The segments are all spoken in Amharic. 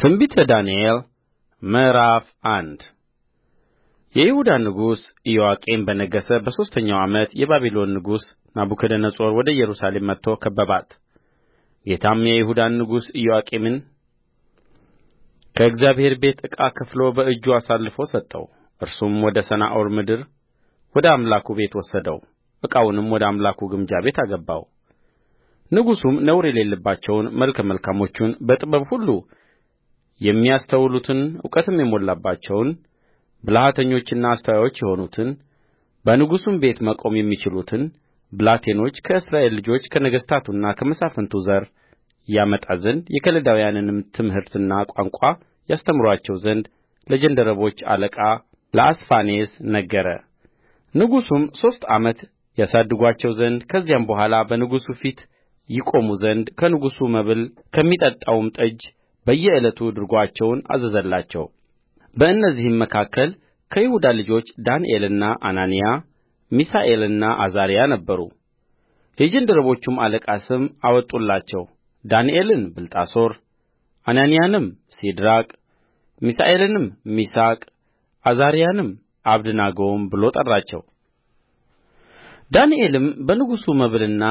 ትንቢተ ዳንኤል ምዕራፍ አንድ የይሁዳ ንጉሥ ኢዮአቄም በነገሠ በሦስተኛው ዓመት የባቢሎን ንጉሥ ናቡከደነፆር ወደ ኢየሩሳሌም መጥቶ ከበባት። ጌታም የይሁዳን ንጉሥ ኢዮአቄምን ከእግዚአብሔር ቤት ዕቃ ከፍሎ በእጁ አሳልፎ ሰጠው። እርሱም ወደ ሰናዖር ምድር ወደ አምላኩ ቤት ወሰደው፣ ዕቃውንም ወደ አምላኩ ግምጃ ቤት አገባው። ንጉሡም ነውር የሌለባቸውን መልከ መልካሞቹን በጥበብ ሁሉ የሚያስተውሉትን እውቀትም የሞላባቸውን ብልሃተኞችና አስተዋዮች የሆኑትን በንጉሡም ቤት መቆም የሚችሉትን ብላቴኖች ከእስራኤል ልጆች ከነገሥታቱና ከመሳፍንቱ ዘር ያመጣ ዘንድ የከለዳውያንንም ትምህርትና ቋንቋ ያስተምሩአቸው ዘንድ ለጀንደረቦች አለቃ ለአስፋኔዝ ነገረ ንጉሡም ሦስት ዓመት ያሳድጉአቸው ዘንድ ከዚያም በኋላ በንጉሡ ፊት ይቆሙ ዘንድ ከንጉሡ መብል ከሚጠጣውም ጠጅ በየዕለቱ ድርጎአቸውን አዘዘላቸው በእነዚህም መካከል ከይሁዳ ልጆች ዳንኤልና አናንያ ሚሳኤልና አዛርያ ነበሩ የጃንደረቦቹም አለቃ ስም አወጡላቸው ዳንኤልን ብልጣሶር አናንያንም ሲድራቅ ሚሳኤልንም ሚሳቅ አዛርያንም አብደናጎም ብሎ ጠራቸው ዳንኤልም በንጉሡ መብልና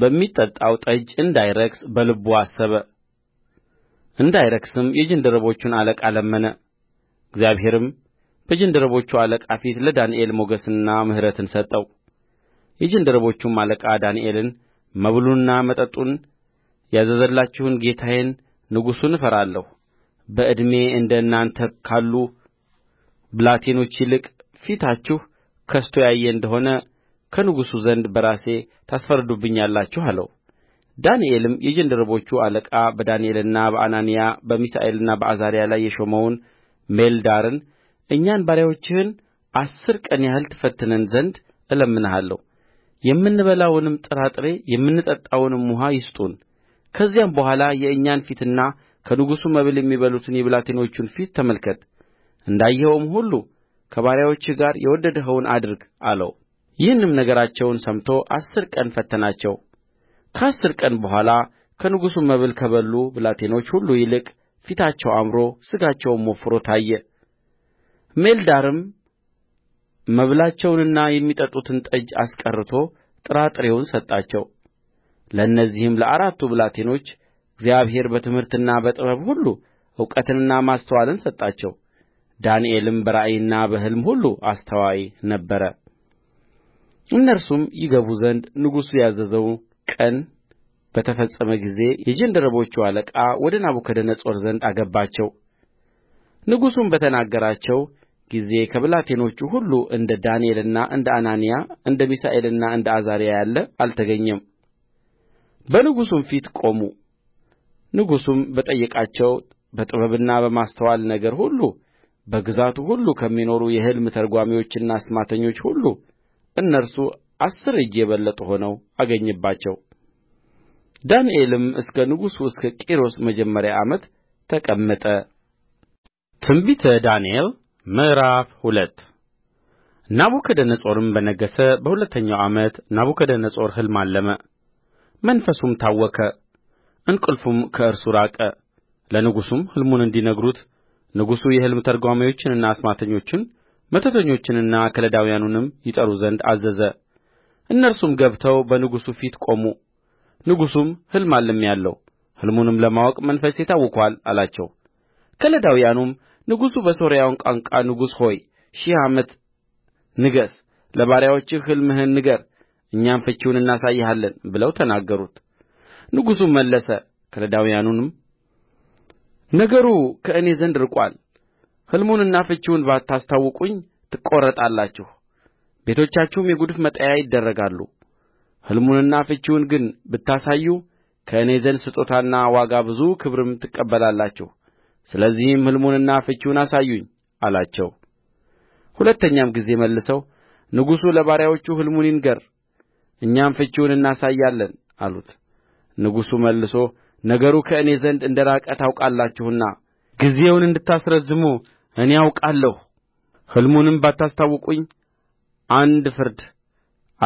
በሚጠጣው ጠጅ እንዳይረክስ በልቡ አሰበ እንዳይረክስም የጃንደረቦቹን አለቃ ለመነ እግዚአብሔርም በጃንደረቦቹ አለቃ ፊት ለዳንኤል ሞገስንና ምሕረትን ሰጠው የጃንደረቦቹም አለቃ ዳንኤልን መብሉንና መጠጡን ያዘዘላችሁን ጌታዬን ንጉሡን እፈራለሁ በዕድሜ እንደ እናንተ ካሉ ብላቴኖች ይልቅ ፊታችሁ ከስቶ ያየ እንደ ሆነ ከንጉሡ ዘንድ በራሴ ታስፈርዱብኛላችሁ አለው ዳንኤልም የጃንደረቦቹ አለቃ በዳንኤልና በአናንያ በሚሳኤልና በአዛርያ ላይ የሾመውን ሜልዳርን እኛን ባሪያዎችህን አሥር ቀን ያህል ትፈትነን ዘንድ እለምንሃለሁ የምንበላውንም ጥራጥሬ የምንጠጣውንም ውኃ ይስጡን ከዚያም በኋላ የእኛን ፊትና ከንጉሡ መብል የሚበሉትን የብላቴኖቹን ፊት ተመልከት እንዳየኸውም ሁሉ ከባሪያዎችህ ጋር የወደድኸውን አድርግ አለው ይህንም ነገራቸውን ሰምቶ አሥር ቀን ፈተናቸው ከአሥር ቀን በኋላ ከንጉሡ መብል ከበሉ ብላቴኖች ሁሉ ይልቅ ፊታቸው አምሮ ሥጋቸውም ወፍሮ ታየ። ሜልዳርም መብላቸውንና የሚጠጡትን ጠጅ አስቀርቶ ጥራጥሬውን ሰጣቸው። ለእነዚህም ለአራቱ ብላቴኖች እግዚአብሔር በትምህርትና በጥበብ ሁሉ እውቀትንና ማስተዋልን ሰጣቸው። ዳንኤልም በራእይና በሕልም ሁሉ አስተዋይ ነበረ። እነርሱም ይገቡ ዘንድ ንጉሡ ያዘዘው ቀን በተፈጸመ ጊዜ የጃንደረቦቹ አለቃ ወደ ናቡከደነፆር ዘንድ አገባቸው ንጉሡም በተናገራቸው ጊዜ ከብላቴኖቹ ሁሉ እንደ ዳንኤልና እንደ አናንያ እንደ ሚሳኤልና እንደ አዛርያ ያለ አልተገኘም በንጉሡም ፊት ቆሙ ንጉሡም በጠየቃቸው በጥበብና በማስተዋል ነገር ሁሉ በግዛቱ ሁሉ ከሚኖሩ የሕልም ተርጓሚዎችና አስማተኞች ሁሉ እነርሱ አሥር እጅ የበለጡ ሆነው አገኘባቸው ዳንኤልም እስከ ንጉሡ እስከ ቂሮስ መጀመሪያ ዓመት ተቀመጠ። ትንቢተ ዳንኤል ምዕራፍ ሁለት ናቡከደነፆርም በነገሠ በሁለተኛው ዓመት ናቡከደነፆር ሕልም አለመ፣ መንፈሱም ታወከ፣ እንቅልፉም ከእርሱ ራቀ። ለንጉሡም ሕልሙን እንዲነግሩት ንጉሡ የሕልም ተርጓሚዎችንና አስማተኞችን መተተኞችንና ከለዳውያኑንም ይጠሩ ዘንድ አዘዘ። እነርሱም ገብተው በንጉሡ ፊት ቆሙ ንጉሡም ሕልም አልሜአለሁ ሕልሙንም ለማወቅ መንፈሴ ታውኮአል አላቸው ከለዳውያኑም ንጉሡ በሶርያው ቋንቋ ንጉሥ ሆይ ሺህ ዓመት ንገሥ ለባሪያዎችህ ሕልምህን ንገር እኛም ፍቺውን እናሳይሃለን ብለው ተናገሩት ንጉሡም መለሰ ከለዳውያኑንም ነገሩ ከእኔ ዘንድ ርቆአል ሕልሙንና ፍቺውን ባታስታውቁኝ ትቈረጣላችሁ ቤቶቻችሁም የጕድፍ መጣያ ይደረጋሉ ሕልሙንና ፍቺውን ግን ብታሳዩ ከእኔ ዘንድ ስጦታና ዋጋ ብዙ ክብርም ትቀበላላችሁ ስለዚህም ሕልሙንና ፍቺውን አሳዩኝ አላቸው ሁለተኛም ጊዜ መልሰው ንጉሡ ለባሪያዎቹ ሕልሙን ይንገር እኛም ፍቺውን እናሳያለን አሉት ንጉሡ መልሶ ነገሩ ከእኔ ዘንድ እንደ ራቀ ታውቃላችሁና ጊዜውን እንድታስረዝሙ እኔ አውቃለሁ ሕልሙንም ባታስታውቁኝ አንድ ፍርድ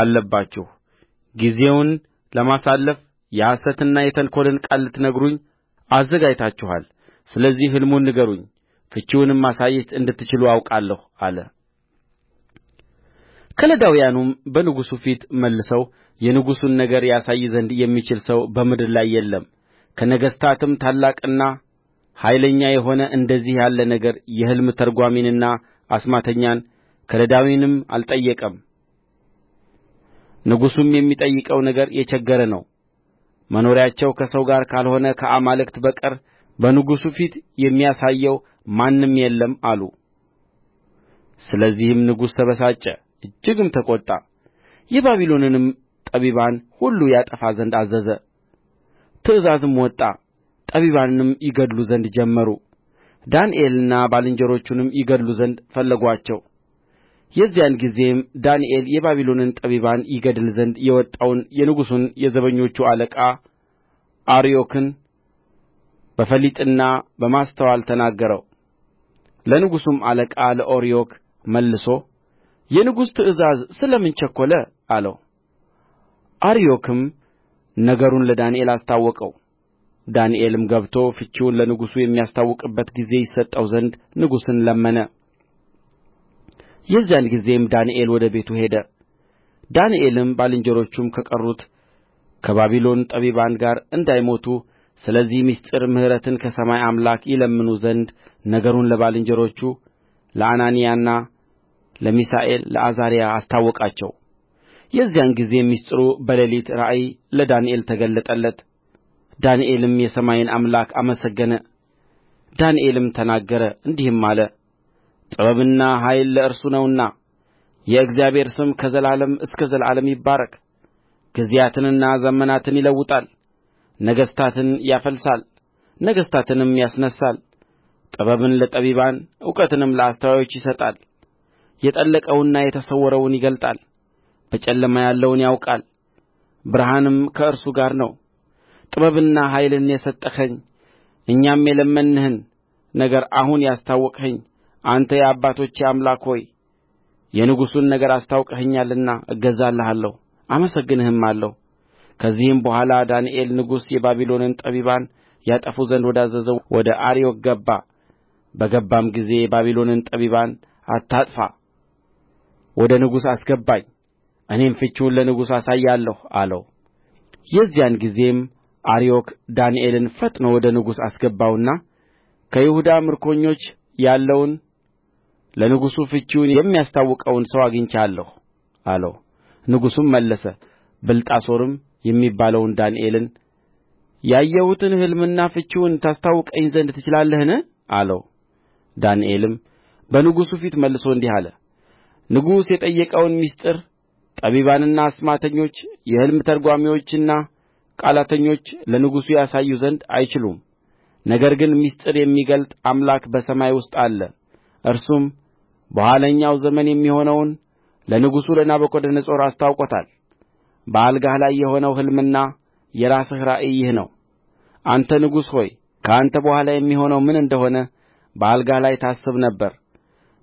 አለባችሁ ጊዜውን ለማሳለፍ የሐሰትንና የተንኰልን ቃል ልትነግሩኝ አዘጋጅታችኋል ስለዚህ ሕልሙን ንገሩኝ ፍቺውንም ማሳየት እንድትችሉ አውቃለሁ አለ ከለዳውያኑም በንጉሡ ፊት መልሰው የንጉሡን ነገር ያሳይ ዘንድ የሚችል ሰው በምድር ላይ የለም ከነገሥታትም ታላቅና ኃይለኛ የሆነ እንደዚህ ያለ ነገር የሕልም ተርጓሚንና አስማተኛን ከለዳዊንም አልጠየቀም ንጉሡም የሚጠይቀው ነገር የቸገረ ነው መኖሪያቸው ከሰው ጋር ካልሆነ ከአማልክት በቀር በንጉሡ ፊት የሚያሳየው ማንም የለም አሉ ስለዚህም ንጉሡ ተበሳጨ እጅግም ተቈጣ የባቢሎንንም ጠቢባን ሁሉ ያጠፋ ዘንድ አዘዘ ትእዛዝም ወጣ ጠቢባንንም ይገድሉ ዘንድ ጀመሩ ዳንኤልንና ባልንጀሮቹንም ይገድሉ ዘንድ ፈለጓቸው። የዚያን ጊዜም ዳንኤል የባቢሎንን ጠቢባን ይገድል ዘንድ የወጣውን የንጉሡን የዘበኞቹ አለቃ አርዮክን በፈሊጥና በማስተዋል ተናገረው ለንጉሡም አለቃ ለአርዮክ መልሶ የንጉሥ ትእዛዝ ስለ ምን ቸኰለ አለው አርዮክም ነገሩን ለዳንኤል አስታወቀው ዳንኤልም ገብቶ ፍቺውን ለንጉሡ የሚያስታውቅበት ጊዜ ይሰጠው ዘንድ ንጉሡን ለመነ የዚያን ጊዜም ዳንኤል ወደ ቤቱ ሄደ ዳንኤልም ባልንጀሮቹም ከቀሩት ከባቢሎን ጠቢባን ጋር እንዳይሞቱ ስለዚህ ምሥጢር ምሕረትን ከሰማይ አምላክ ይለምኑ ዘንድ ነገሩን ለባልንጀሮቹ ለአናንያና ለሚሳኤል ለአዛርያ አስታወቃቸው። የዚያን ጊዜ ምሥጢሩ በሌሊት ራእይ ለዳንኤል ተገለጠለት። ዳንኤልም የሰማይን አምላክ አመሰገነ። ዳንኤልም ተናገረ እንዲህም አለ ጥበብና ኃይል ለእርሱ ነውና የእግዚአብሔር ስም ከዘላለም እስከ ዘላለም ይባረክ ጊዜያትንና ዘመናትን ይለውጣል ነገሥታትን ያፈልሳል ነገሥታትንም ያስነሣል ጥበብን ለጠቢባን እውቀትንም ለአስተዋዮች ይሰጣል የጠለቀውንና የተሰወረውን ይገልጣል በጨለማ ያለውን ያውቃል ብርሃንም ከእርሱ ጋር ነው ጥበብንና ኃይልን የሰጠኸኝ እኛም የለመንህን ነገር አሁን ያስታወቅኸኝ አንተ የአባቶቼ አምላክ ሆይ የንጉሡን ነገር አስታውቀኸኛልና እገዛልሃለሁ አመሰግንህማለሁ ከዚህም በኋላ ዳንኤል ንጉሡ የባቢሎንን ጠቢባን ያጠፉ ዘንድ ወዳዘዘው ወደ አርዮክ ገባ በገባም ጊዜ የባቢሎንን ጠቢባን አታጥፋ ወደ ንጉሡ አስገባኝ እኔም ፍቺውን ለንጉሡ አሳያለሁ አለው የዚያን ጊዜም አርዮክ ዳንኤልን ፈጥኖ ወደ ንጉሡ አስገባውና ከይሁዳ ምርኮኞች ያለውን ለንጉሡ ፍቺውን የሚያስታውቀውን ሰው አግኝቼአለሁ አለው ንጉሡም መለሰ ብልጣሶርም የሚባለውን ዳንኤልን ያየሁትን ሕልምና ፍቺውን ታስታውቀኝ ዘንድ ትችላለህን አለው ዳንኤልም በንጉሡ ፊት መልሶ እንዲህ አለ ንጉሡ የጠየቀውን ምሥጢር ጠቢባንና አስማተኞች የሕልም ተርጓሚዎችና ቃላተኞች ለንጉሡ ያሳዩ ዘንድ አይችሉም ነገር ግን ምሥጢር የሚገልጥ አምላክ በሰማይ ውስጥ አለ እርሱም በኋለኛው ዘመን የሚሆነውን ለንጉሡ ለናቡከደነፆር አስታውቆታል በአልጋህ ላይ የሆነው ሕልምና የራስህ ራእይ ይህ ነው አንተ ንጉሥ ሆይ ከአንተ በኋላ የሚሆነው ምን እንደ ሆነ በአልጋህ ላይ ታስብ ነበር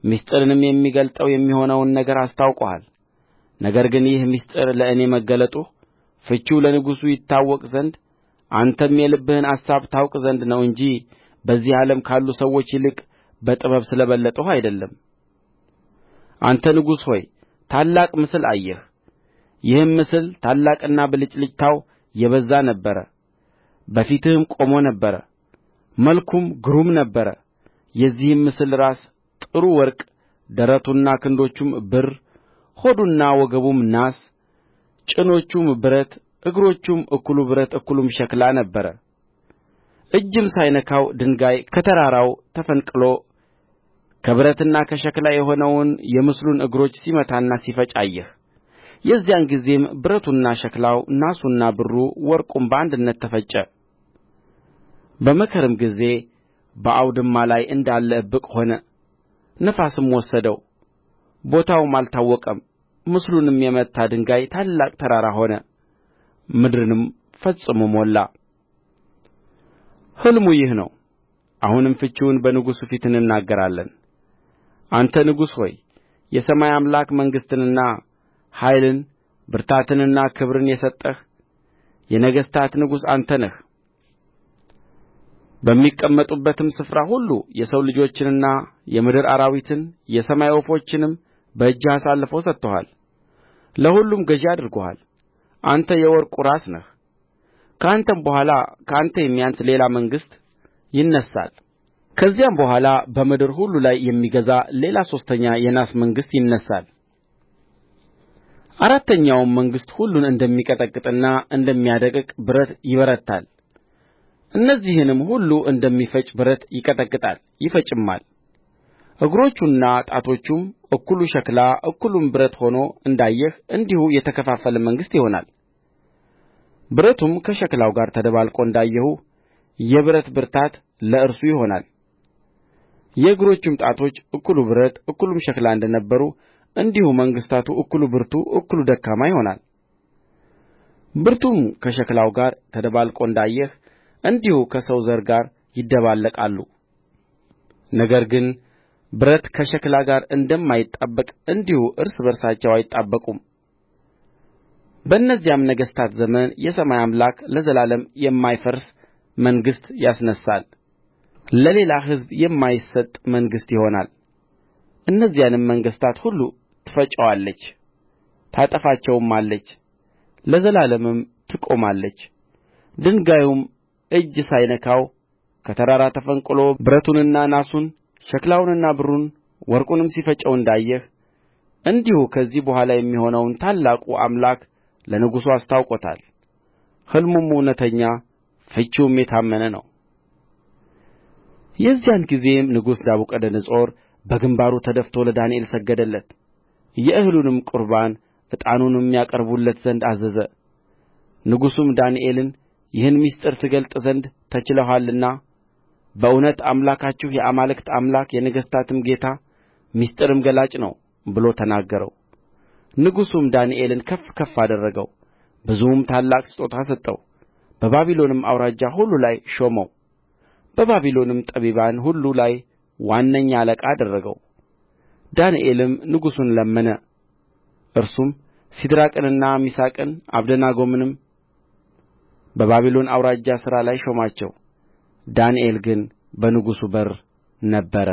ምሥጢርንም የሚገልጠው የሚሆነውን ነገር አስታውቆሃል ነገር ግን ይህ ምሥጢር ለእኔ መገለጡ ፍቺው ለንጉሡ ይታወቅ ዘንድ አንተም የልብህን አሳብ ታውቅ ዘንድ ነው እንጂ በዚህ ዓለም ካሉ ሰዎች ይልቅ በጥበብ ስለ በለጥሁ አይደለም አንተ ንጉሥ ሆይ ታላቅ ምስል አየህ ይህም ምስል ታላቅና ብልጭልጭታው የበዛ ነበረ በፊትህም ቆሞ ነበር መልኩም ግሩም ነበረ የዚህም ምስል ራስ ጥሩ ወርቅ ደረቱና ክንዶቹም ብር ሆዱና ወገቡም ናስ ጭኖቹም ብረት እግሮቹም እኩሉ ብረት እኩሉም ሸክላ ነበረ እጅም ሳይነካው ድንጋይ ከተራራው ተፈንቅሎ ከብረትና ከሸክላ የሆነውን የምስሉን እግሮች ሲመታና ሲፈጭ አየህ የዚያን ጊዜም ብረቱና ሸክላው ናሱና ብሩ ወርቁም በአንድነት ተፈጨ በመከርም ጊዜ በአውድማ ላይ እንዳለ እብቅ ሆነ ነፋስም ወሰደው ቦታውም አልታወቀም ምስሉንም የመታ ድንጋይ ታላቅ ተራራ ሆነ ምድርንም ፈጽሞ ሞላ ሕልሙ ይህ ነው አሁንም ፍቺውን በንጉሡ ፊት እንናገራለን አንተ ንጉሥ ሆይ የሰማይ አምላክ መንግሥትንና ኃይልን ብርታትንና ክብርን የሰጠህ የነገሥታት ንጉሥ አንተ ነህ በሚቀመጡበትም ስፍራ ሁሉ የሰው ልጆችንና የምድር አራዊትን የሰማይ ወፎችንም በእጅህ አሳልፎ ሰጥቶሃል ለሁሉም ገዢ አድርጎሃል አንተ የወርቁ ራስ ነህ ከአንተም በኋላ ከአንተ የሚያንስ ሌላ መንግሥት ይነሣል ከዚያም በኋላ በምድር ሁሉ ላይ የሚገዛ ሌላ ሦስተኛ የናስ መንግሥት ይነሣል አራተኛውም መንግሥት ሁሉን እንደሚቀጠቅጥና እንደሚያደቅቅ ብረት ይበረታል እነዚህንም ሁሉ እንደሚፈጭ ብረት ይቀጠቅጣል ይፈጭማል እግሮቹና ጣቶቹም እኩሉ ሸክላ እኩሉም ብረት ሆኖ እንዳየህ እንዲሁ የተከፋፈለ መንግሥት ይሆናል ብረቱም ከሸክላው ጋር ተደባልቆ እንዳየሁ የብረት ብርታት ለእርሱ ይሆናል የእግሮቹም ጣቶች እኩሉ ብረት እኩሉም ሸክላ እንደ ነበሩ እንዲሁ መንግሥቱ እኩሉ ብርቱ እኩሉ ደካማ ይሆናል ብርቱም ከሸክላው ጋር ተደባልቆ እንዳየህ እንዲሁ ከሰው ዘር ጋር ይደባለቃሉ ነገር ግን ብረት ከሸክላ ጋር እንደማይጣበቅ እንዲሁ እርስ በርሳቸው አይጣበቁም በእነዚያም ነገሥታት ዘመን የሰማይ አምላክ ለዘላለም የማይፈርስ መንግሥት ያስነሣል ለሌላ ሕዝብ የማይሰጥ መንግሥት ይሆናል እነዚያንም መንግሥታት ሁሉ ትፈጨዋለች ታጠፋቸውማለች ለዘላለምም ትቆማለች ድንጋዩም እጅ ሳይነካው ከተራራ ተፈንቅሎ ብረቱንና ናሱን ሸክላውንና ብሩን ወርቁንም ሲፈጨው እንዳየህ እንዲሁ ከዚህ በኋላ የሚሆነውን ታላቁ አምላክ ለንጉሡ አስታውቆታል ሕልሙም እውነተኛ ፍቺውም የታመነ ነው የዚያን ጊዜም ንጉሡ ናቡከደነፆር በግምባሩ ተደፍቶ ለዳንኤል ሰገደለት የእህሉንም ቍርባን ዕጣኑንም ያቀርቡለት ዘንድ አዘዘ ንጉሡም ዳንኤልን ይህን ምሥጢር ትገልጥ ዘንድ ተችሎሃልና በእውነት አምላካችሁ የአማልክት አምላክ የነገሥታትም ጌታ ምሥጢርም ገላጭ ነው ብሎ ተናገረው ንጉሡም ዳንኤልን ከፍ ከፍ አደረገው ብዙም ታላቅ ስጦታ ሰጠው በባቢሎንም አውራጃ ሁሉ ላይ ሾመው በባቢሎንም ጠቢባን ሁሉ ላይ ዋነኛ አለቃ አደረገው ዳንኤልም ንጉሡን ለመነ እርሱም ሲድራቅንና ሚሳቅን አብደናጎንም በባቢሎን አውራጃ ሥራ ላይ ሾማቸው ዳንኤል ግን በንጉሡ በር ነበረ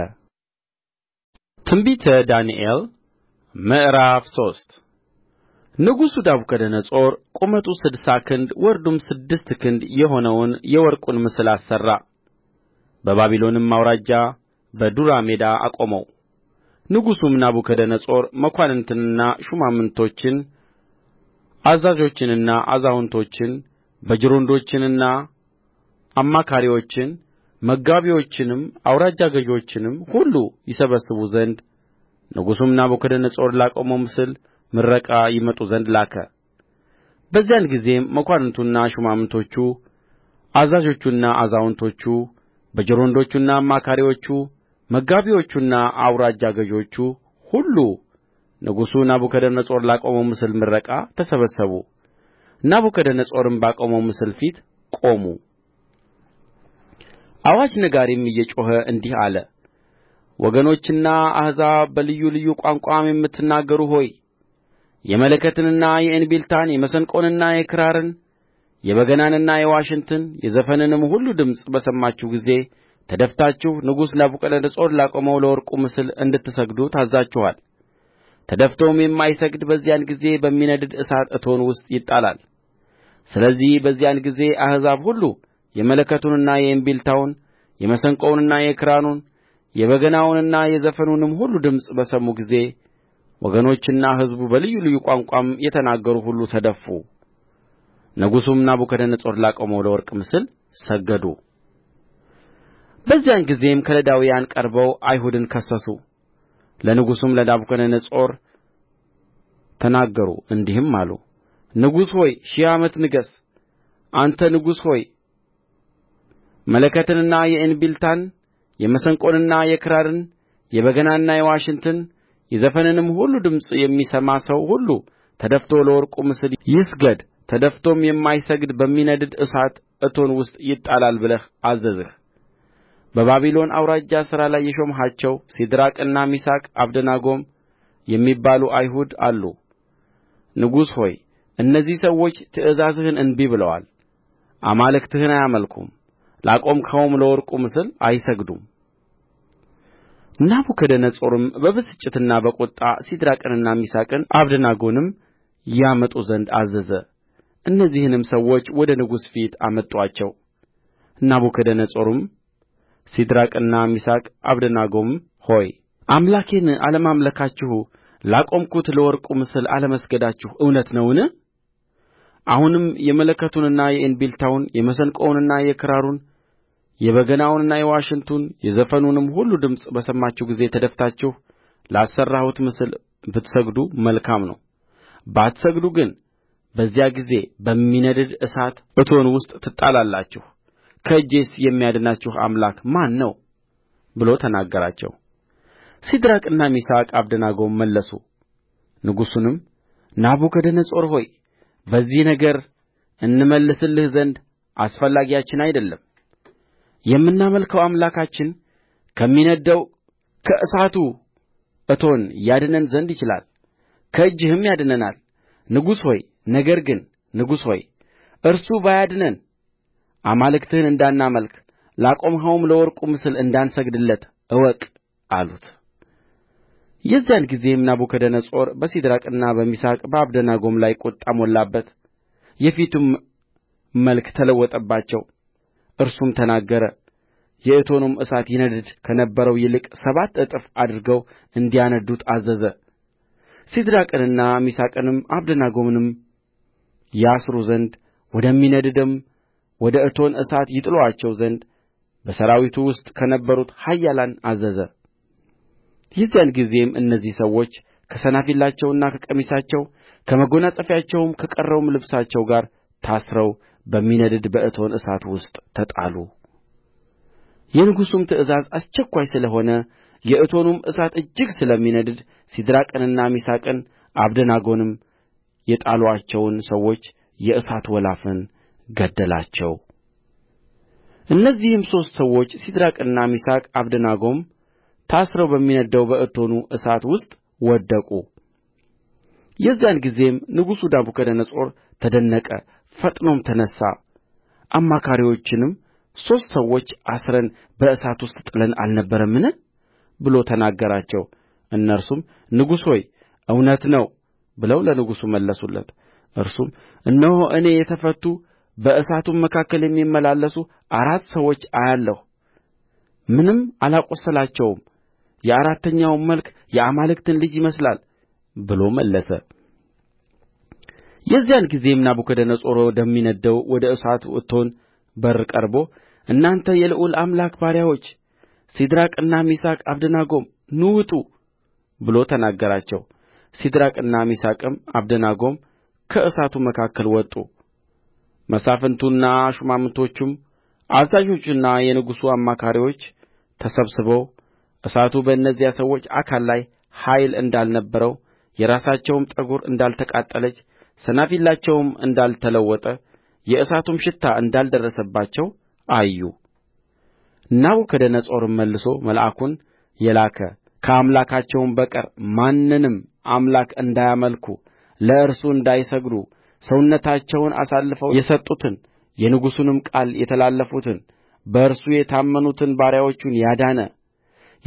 ትንቢተ ዳንኤል ምዕራፍ ሶስት ንጉሡ ናቡከደነፆር ቁመቱ ስድሳ ክንድ ወርዱም ስድስት ክንድ የሆነውን የወርቁን ምስል አሠራ በባቢሎንም አውራጃ በዱራ ሜዳ አቆመው ንጉሡም ናቡከደነፆር መኳንንትንና ሹማምቶችን አዛዦችንና አዛውንቶችን በጅሮንዶችንና አማካሪዎችን መጋቢዎችንም አውራጃ ገዦችንም ሁሉ ይሰበስቡ ዘንድ ንጉሡም ናቡከደነፆር ላቆመው ምስል ምረቃ ይመጡ ዘንድ ላከ። በዚያን ጊዜም መኳንንቱና ሹማምቶቹ አዛዦቹና አዛውንቶቹ በጅሮንዶቹና አማካሪዎቹ መጋቢዎቹና አውራጃ ገዦቹ ሁሉ ንጉሡ ናቡከደነፆር ላቆመው ምስል ምረቃ ተሰበሰቡ ናቡከደነፆርም ባቆመው ምስል ፊት ቆሙ አዋጅ ነጋሪም እየጮኸ እንዲህ አለ ወገኖችና አሕዛብ በልዩ ልዩ ቋንቋም የምትናገሩ ሆይ የመለከትንና የእንቢልታን የመሰንቆንና የክራርን የበገናንና የዋሽንትን የዘፈንንም ሁሉ ድምፅ በሰማችሁ ጊዜ ተደፍታችሁ ንጉሡ ናቡከደነፆር ላቆመው ለወርቁ ምስል እንድትሰግዱ ታዝዛችኋል ተደፍቶም የማይሰግድ በዚያን ጊዜ በሚነድድ እሳት እቶን ውስጥ ይጣላል ስለዚህ በዚያን ጊዜ አሕዛብ ሁሉ የመለከቱንና የእምቢልታውን የመሰንቆውንና የክራሩን የበገናውንና የዘፈኑንም ሁሉ ድምፅ በሰሙ ጊዜ ወገኖችና ሕዝቡ በልዩ ልዩ ቋንቋም የተናገሩ ሁሉ ተደፉ ንጉሡም ናቡከደነፆር ላቆመው ለወርቅ ምስል ሰገዱ በዚያን ጊዜም ከለዳውያን ቀርበው አይሁድን ከሰሱ ለንጉሡም ለናቡከደነፆር ተናገሩ እንዲህም አሉ ንጉሥ ሆይ ሺህ ዓመት ንገሥ አንተ ንጉሥ ሆይ መለከትንና የእንቢልታን የመሰንቆንና የክራርን የበገናና የዋሽንትን የዘፈንንም ሁሉ ድምፅ የሚሰማ ሰው ሁሉ ተደፍቶ ለወርቁ ምስል ይስገድ ተደፍቶም የማይሰግድ በሚነድድ እሳት እቶን ውስጥ ይጣላል ብለህ አዘዝህ በባቢሎን አውራጃ ሥራ ላይ የሾምሃቸው ሲድራቅና ሚሳቅ አብደናጎም የሚባሉ አይሁድ አሉ ንጉሥ ሆይ እነዚህ ሰዎች ትእዛዝህን እንቢ ብለዋል አማልክትህን አያመልኩም ላቆምኸውም ለወርቁ ምስል አይሰግዱም ናቡከደነፆርም በብስጭትና በቍጣ ሲድራቅንና ሚሳቅን አብደናጎንም ያመጡ ዘንድ አዘዘ እነዚህንም ሰዎች ወደ ንጉሡ ፊት አመጡአቸው ናቡከደነፆርም ሲድራቅና ሚሳቅ አብደናጎም ሆይ አምላኬን አለማምለካችሁ ላቆምሁት ለወርቁ ምስል አለመስገዳችሁ እውነት ነውን አሁንም የመለከቱንና የእንቢልታውን የመሰንቆውንና የክራሩን የበገናውንና የዋሽንቱን የዘፈኑንም ሁሉ ድምፅ በሰማችሁ ጊዜ ተደፍታችሁ ላሠራሁት ምስል ብትሰግዱ መልካም ነው ባትሰግዱ ግን በዚያ ጊዜ በሚነድድ እሳት እቶን ውስጥ ትጣላላችሁ ከእጄስ የሚያድናችሁ አምላክ ማን ነው ብሎ ተናገራቸው ሲድራቅና ሚሳቅ አብደናጎም መለሱ ንጉሡንም ናቡከደነፆር ሆይ በዚህ ነገር እንመልስልህ ዘንድ አስፈላጊያችን አይደለም የምናመልከው አምላካችን ከሚነድደው ከእሳቱ እቶን ያድነን ዘንድ ይችላል ከእጅህም ያድነናል ንጉሥ ሆይ ነገር ግን ንጉሥ ሆይ እርሱ ባያድነን አማልክትህን እንዳናመልክ ላቆምኸውም ለወርቁ ምስል እንዳንሰግድለት እወቅ አሉት የዚያን ጊዜም ናቡከደነፆር በሲድራቅና በሚሳቅ በአብደናጎም ላይ ቍጣ ሞላበት የፊቱም መልክ ተለወጠባቸው እርሱም ተናገረ የእቶኑም እሳት ይነድድ ከነበረው ይልቅ ሰባት እጥፍ አድርገው እንዲያነድዱት አዘዘ ሲድራቅንና ሚሳቅንም አብደናጎንም ያስሩ ዘንድ ወደሚነድድም ወደ እቶን እሳት ይጥሉአቸው ዘንድ በሠራዊቱ ውስጥ ከነበሩት ኃያላን አዘዘ የዚያን ጊዜም እነዚህ ሰዎች ከሰናፊላቸውና ከቀሚሳቸው ከመጐናጸፊያቸውም ከቀረውም ልብሳቸው ጋር ታስረው በሚነድድ በእቶን እሳት ውስጥ ተጣሉ። የንጉሡም ትእዛዝ አስቸኳይ ስለ ሆነ የእቶኑም እሳት እጅግ ስለሚነድድ ሲድራቅንና ሚሳቅን አብደናጎንም የጣሉአቸውን ሰዎች የእሳት ወላፈን ገደላቸው እነዚህም ሦስት ሰዎች ሲድራቅና ሚሳቅ አብደናጎም ታስረው በሚነድደው በእቶኑ እሳት ውስጥ ወደቁ የዚያን ጊዜም ንጉሡ ናቡከደነፆር ተደነቀ ፈጥኖም ተነሣ አማካሪዎቹንም ሦስት ሰዎች አስረን በእሳት ውስጥ ጥለን አልነበረምን ብሎ ተናገራቸው እነርሱም ንጉሥ ሆይ እውነት ነው ብለው ለንጉሡ መለሱለት እርሱም እነሆ እኔ የተፈቱ በእሳቱም መካከል የሚመላለሱ አራት ሰዎች አያለሁ ምንም አላቈሰላቸውም የአራተኛውም መልክ የአማልክትን ልጅ ይመስላል ብሎ መለሰ የዚያን ጊዜም ናቡከደነፆር ወደሚነድደው ወደ እሳቱ እቶን በር ቀርቦ እናንተ የልዑል አምላክ ባሪያዎች ሲድራቅና ሚሳቅ አብደናጎም ኑ ውጡ ብሎ ተናገራቸው ሲድራቅና ሚሳቅም አብደናጎም ከእሳቱ መካከል ወጡ መሳፍንቱና ሹማምቶቹም አዛዦቹና የንጉሡ አማካሪዎች ተሰብስበው እሳቱ በእነዚያ ሰዎች አካል ላይ ኃይል እንዳልነበረው የራሳቸውም ጠጕር እንዳልተቃጠለች ሰናፊላቸውም እንዳልተለወጠ የእሳቱም ሽታ እንዳልደረሰባቸው አዩ። ናቡከደነፆርም መልሶ መልአኩን የላከ ከአምላካቸውም በቀር ማንንም አምላክ እንዳያመልኩ ለእርሱ እንዳይሰግዱ ሰውነታቸውን አሳልፈው የሰጡትን የንጉሡንም ቃል የተላለፉትን በእርሱ የታመኑትን ባሪያዎቹን ያዳነ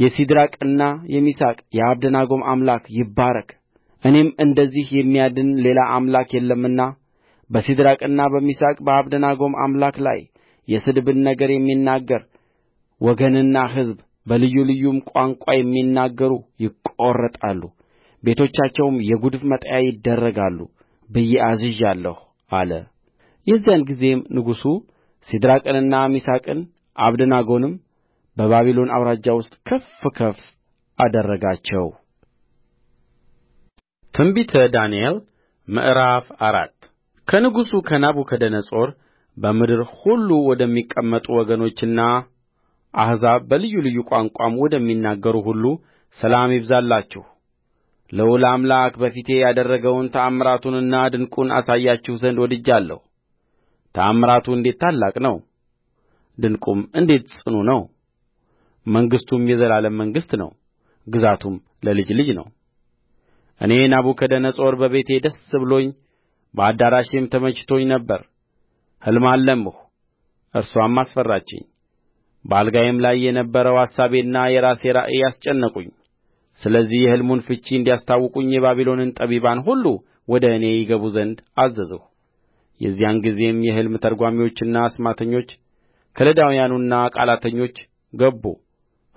የሲድራቅና የሚሳቅ የአብደናጎም አምላክ ይባረክ እኔም እንደዚህ የሚያድን ሌላ አምላክ የለምና በሲድራቅና በሚሳቅ በአብደናጎም አምላክ ላይ የስድብን ነገር የሚናገር ወገንና ሕዝብ በልዩ ልዩም ቋንቋ የሚናገሩ ይቈረጣሉ ቤቶቻቸውም የጕድፍ መጣያ ይደረጋሉ ብዬ አዝዣለሁ አለ የዚያን ጊዜም ንጉሡ ሲድራቅንና ሚሳቅን አብደናጎንም በባቢሎን አውራጃ ውስጥ ከፍ ከፍ አደረጋቸው። ትንቢተ ዳንኤል ምዕራፍ አራት ከንጉሡ ከናቡከደነፆር በምድር ሁሉ ወደሚቀመጡ ወገኖችና አሕዛብ በልዩ ልዩ ቋንቋም ወደሚናገሩ ሁሉ ሰላም ይብዛላችሁ ልዑል አምላክ በፊቴ ያደረገውን ተአምራቱንና ድንቁን አሳያችሁ ዘንድ ወድጃለሁ ተአምራቱ እንዴት ታላቅ ነው ድንቁም እንዴት ጽኑ ነው መንግሥቱም የዘላለም መንግሥት ነው ግዛቱም ለልጅ ልጅ ነው እኔ ናቡከደነፆር በቤቴ ደስ ብሎኝ በአዳራሼም ተመችቶኝ ነበር ሕልም አለምሁ እርስዋም አስፈራችኝ በአልጋዬም ላይ የነበረው አሳቤና የራሴ ራእይ አስጨነቁኝ ስለዚህ የሕልሙን ፍቺ እንዲያስታውቁኝ የባቢሎንን ጠቢባን ሁሉ ወደ እኔ ይገቡ ዘንድ አዘዝሁ የዚያን ጊዜም የሕልም ተርጓሚዎችና አስማተኞች ከለዳውያኑና ቃላተኞች ገቡ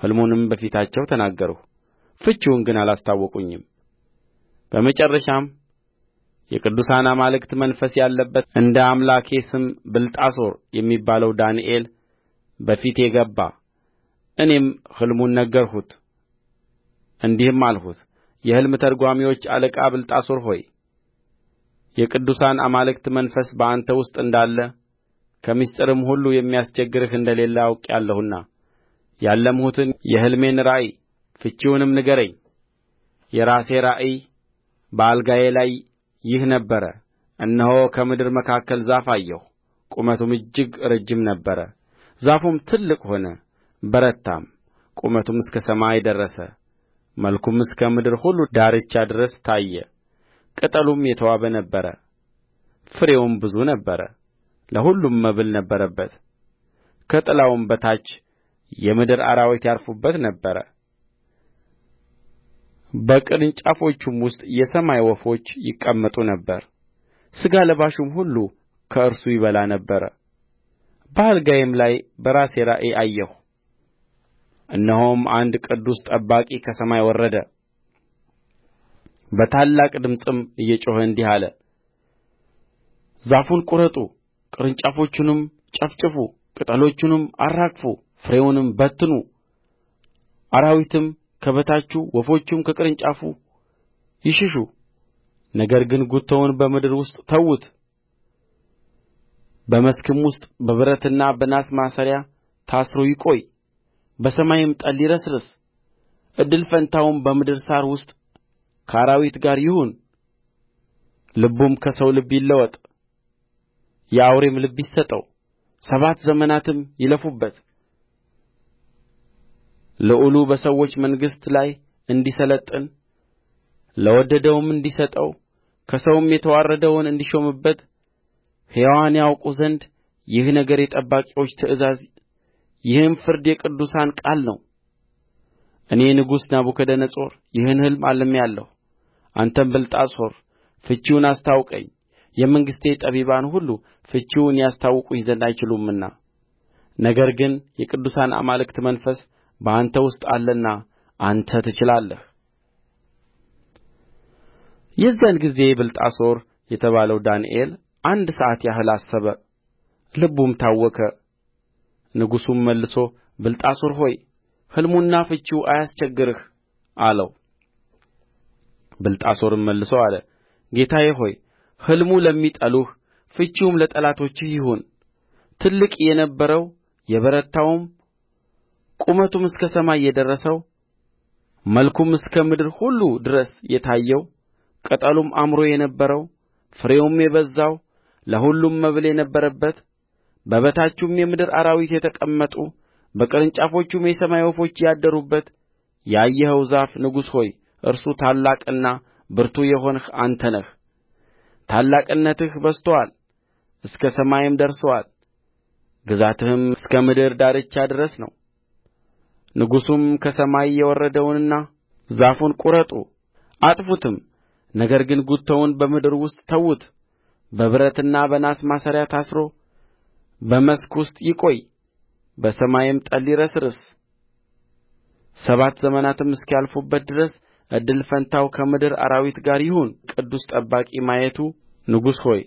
ሕልሙንም በፊታቸው ተናገርሁ ፍቺውን ግን አላስታወቁኝም በመጨረሻም የቅዱሳን አማልክት መንፈስ ያለበት እንደ አምላኬ ስም ብልጣሶር የሚባለው ዳንኤል በፊቴ ገባ እኔም ሕልሙን ነገርሁት እንዲህም አልሁት የሕልም ተርጓሚዎች አለቃ ብልጣሶር ሆይ የቅዱሳን አማልክት መንፈስ በአንተ ውስጥ እንዳለ ከምሥጢርም ሁሉ የሚያስቸግርህ እንደሌለ አውቄአለሁና ያለምሁትን የሕልሜን ራእይ ፍቺውንም ንገረኝ የራሴ ራእይ በአልጋዬ ላይ ይህ ነበረ እነሆ ከምድር መካከል ዛፍ አየሁ ቁመቱም እጅግ ረጅም ነበረ ዛፉም ትልቅ ሆነ በረታም ቁመቱም እስከ ሰማይ ደረሰ መልኩም እስከ ምድር ሁሉ ዳርቻ ድረስ ታየ ቅጠሉም የተዋበ ነበረ ፍሬውም ብዙ ነበረ ለሁሉም መብል ነበረበት ከጥላውም በታች የምድር አራዊት ያርፉበት ነበር በቅርንጫፎቹም ውስጥ የሰማይ ወፎች ይቀመጡ ነበር ሥጋ ለባሹም ሁሉ ከእርሱ ይበላ ነበር በአልጋዬም ላይ በራሴ ራእይ አየሁ እነሆም አንድ ቅዱስ ጠባቂ ከሰማይ ወረደ በታላቅ ድምፅም እየጮኸ እንዲህ አለ ዛፉን ቍረጡ ቅርንጫፎቹንም ጨፍጭፉ ቅጠሎቹንም አራግፉ ፍሬውንም በትኑ አራዊትም ከበታቹ ወፎችም ከቅርንጫፉ ይሽሹ ነገር ግን ጉቶውን በምድር ውስጥ ተዉት በመስክም ውስጥ በብረትና በናስ ማሰሪያ ታስሮ ይቈይ በሰማይም ጠል ይረስርስ እድል ፈንታውም በምድር ሣር ውስጥ ከአራዊት ጋር ይሁን ልቡም ከሰው ልብ ይለወጥ የአውሬም ልብ ይሰጠው ሰባት ዘመናትም ይለፉበት ልዑሉ በሰዎች መንግሥት ላይ እንዲሠለጥን ለወደደውም እንዲሰጠው ከሰውም የተዋረደውን እንዲሾምበት ሕያዋን ያውቁ ዘንድ ይህ ነገር የጠባቂዎች ትእዛዝ ይህም ፍርድ የቅዱሳን ቃል ነው እኔ ንጉሡ ናቡከደነፆር ይህን ሕልም አልሜአለሁ አንተም ብልጣሶር ፍቺውን አስታውቀኝ የመንግሥቴ ጠቢባን ሁሉ ፍቺውን ያስታውቁኝ ዘንድ አይችሉምና ነገር ግን የቅዱሳን አማልክት መንፈስ በአንተ ውስጥ አለና አንተ ትችላለህ የዚያን ጊዜ ብልጣሶር የተባለው ዳንኤል አንድ ሰዓት ያህል አሰበ ልቡም ታወከ ንጉሡም መልሶ ብልጣሶር ሆይ ሕልሙና ፍቺው አያስቸግርህ አለው ብልጣሶርም መልሶ አለ ጌታዬ ሆይ ሕልሙ ለሚጠሉህ ፍቺውም ለጠላቶችህ ይሁን ትልቅ የነበረው የበረታውም ቁመቱም እስከ ሰማይ የደረሰው መልኩም እስከ ምድር ሁሉ ድረስ የታየው ቅጠሉም አምሮ የነበረው ፍሬውም የበዛው ለሁሉም መብል የነበረበት በበታቹም የምድር አራዊት የተቀመጡ በቅርንጫፎቹም የሰማይ ወፎች ያደሩበት ያየኸው ዛፍ ንጉሥ ሆይ እርሱ ታላቅና ብርቱ የሆንህ አንተ ነህ ታላቅነትህ በዝቶአል እስከ ሰማይም ደርሶአል ግዛትህም እስከ ምድር ዳርቻ ድረስ ነው ንጉሡም ከሰማይ የወረደውንና ዛፉን ቍረጡ አጥፉትም ነገር ግን ጉቶውን በምድር ውስጥ ተዉት በብረትና በናስ ማሰሪያ ታስሮ በመስክ ውስጥ ይቈይ በሰማይም ጠል ይረስርስ ሰባት ዘመናትም እስኪያልፉበት ድረስ እድል ፈንታው ከምድር አራዊት ጋር ይሁን ቅዱስ ጠባቂ ማየቱ ንጉሥ ሆይ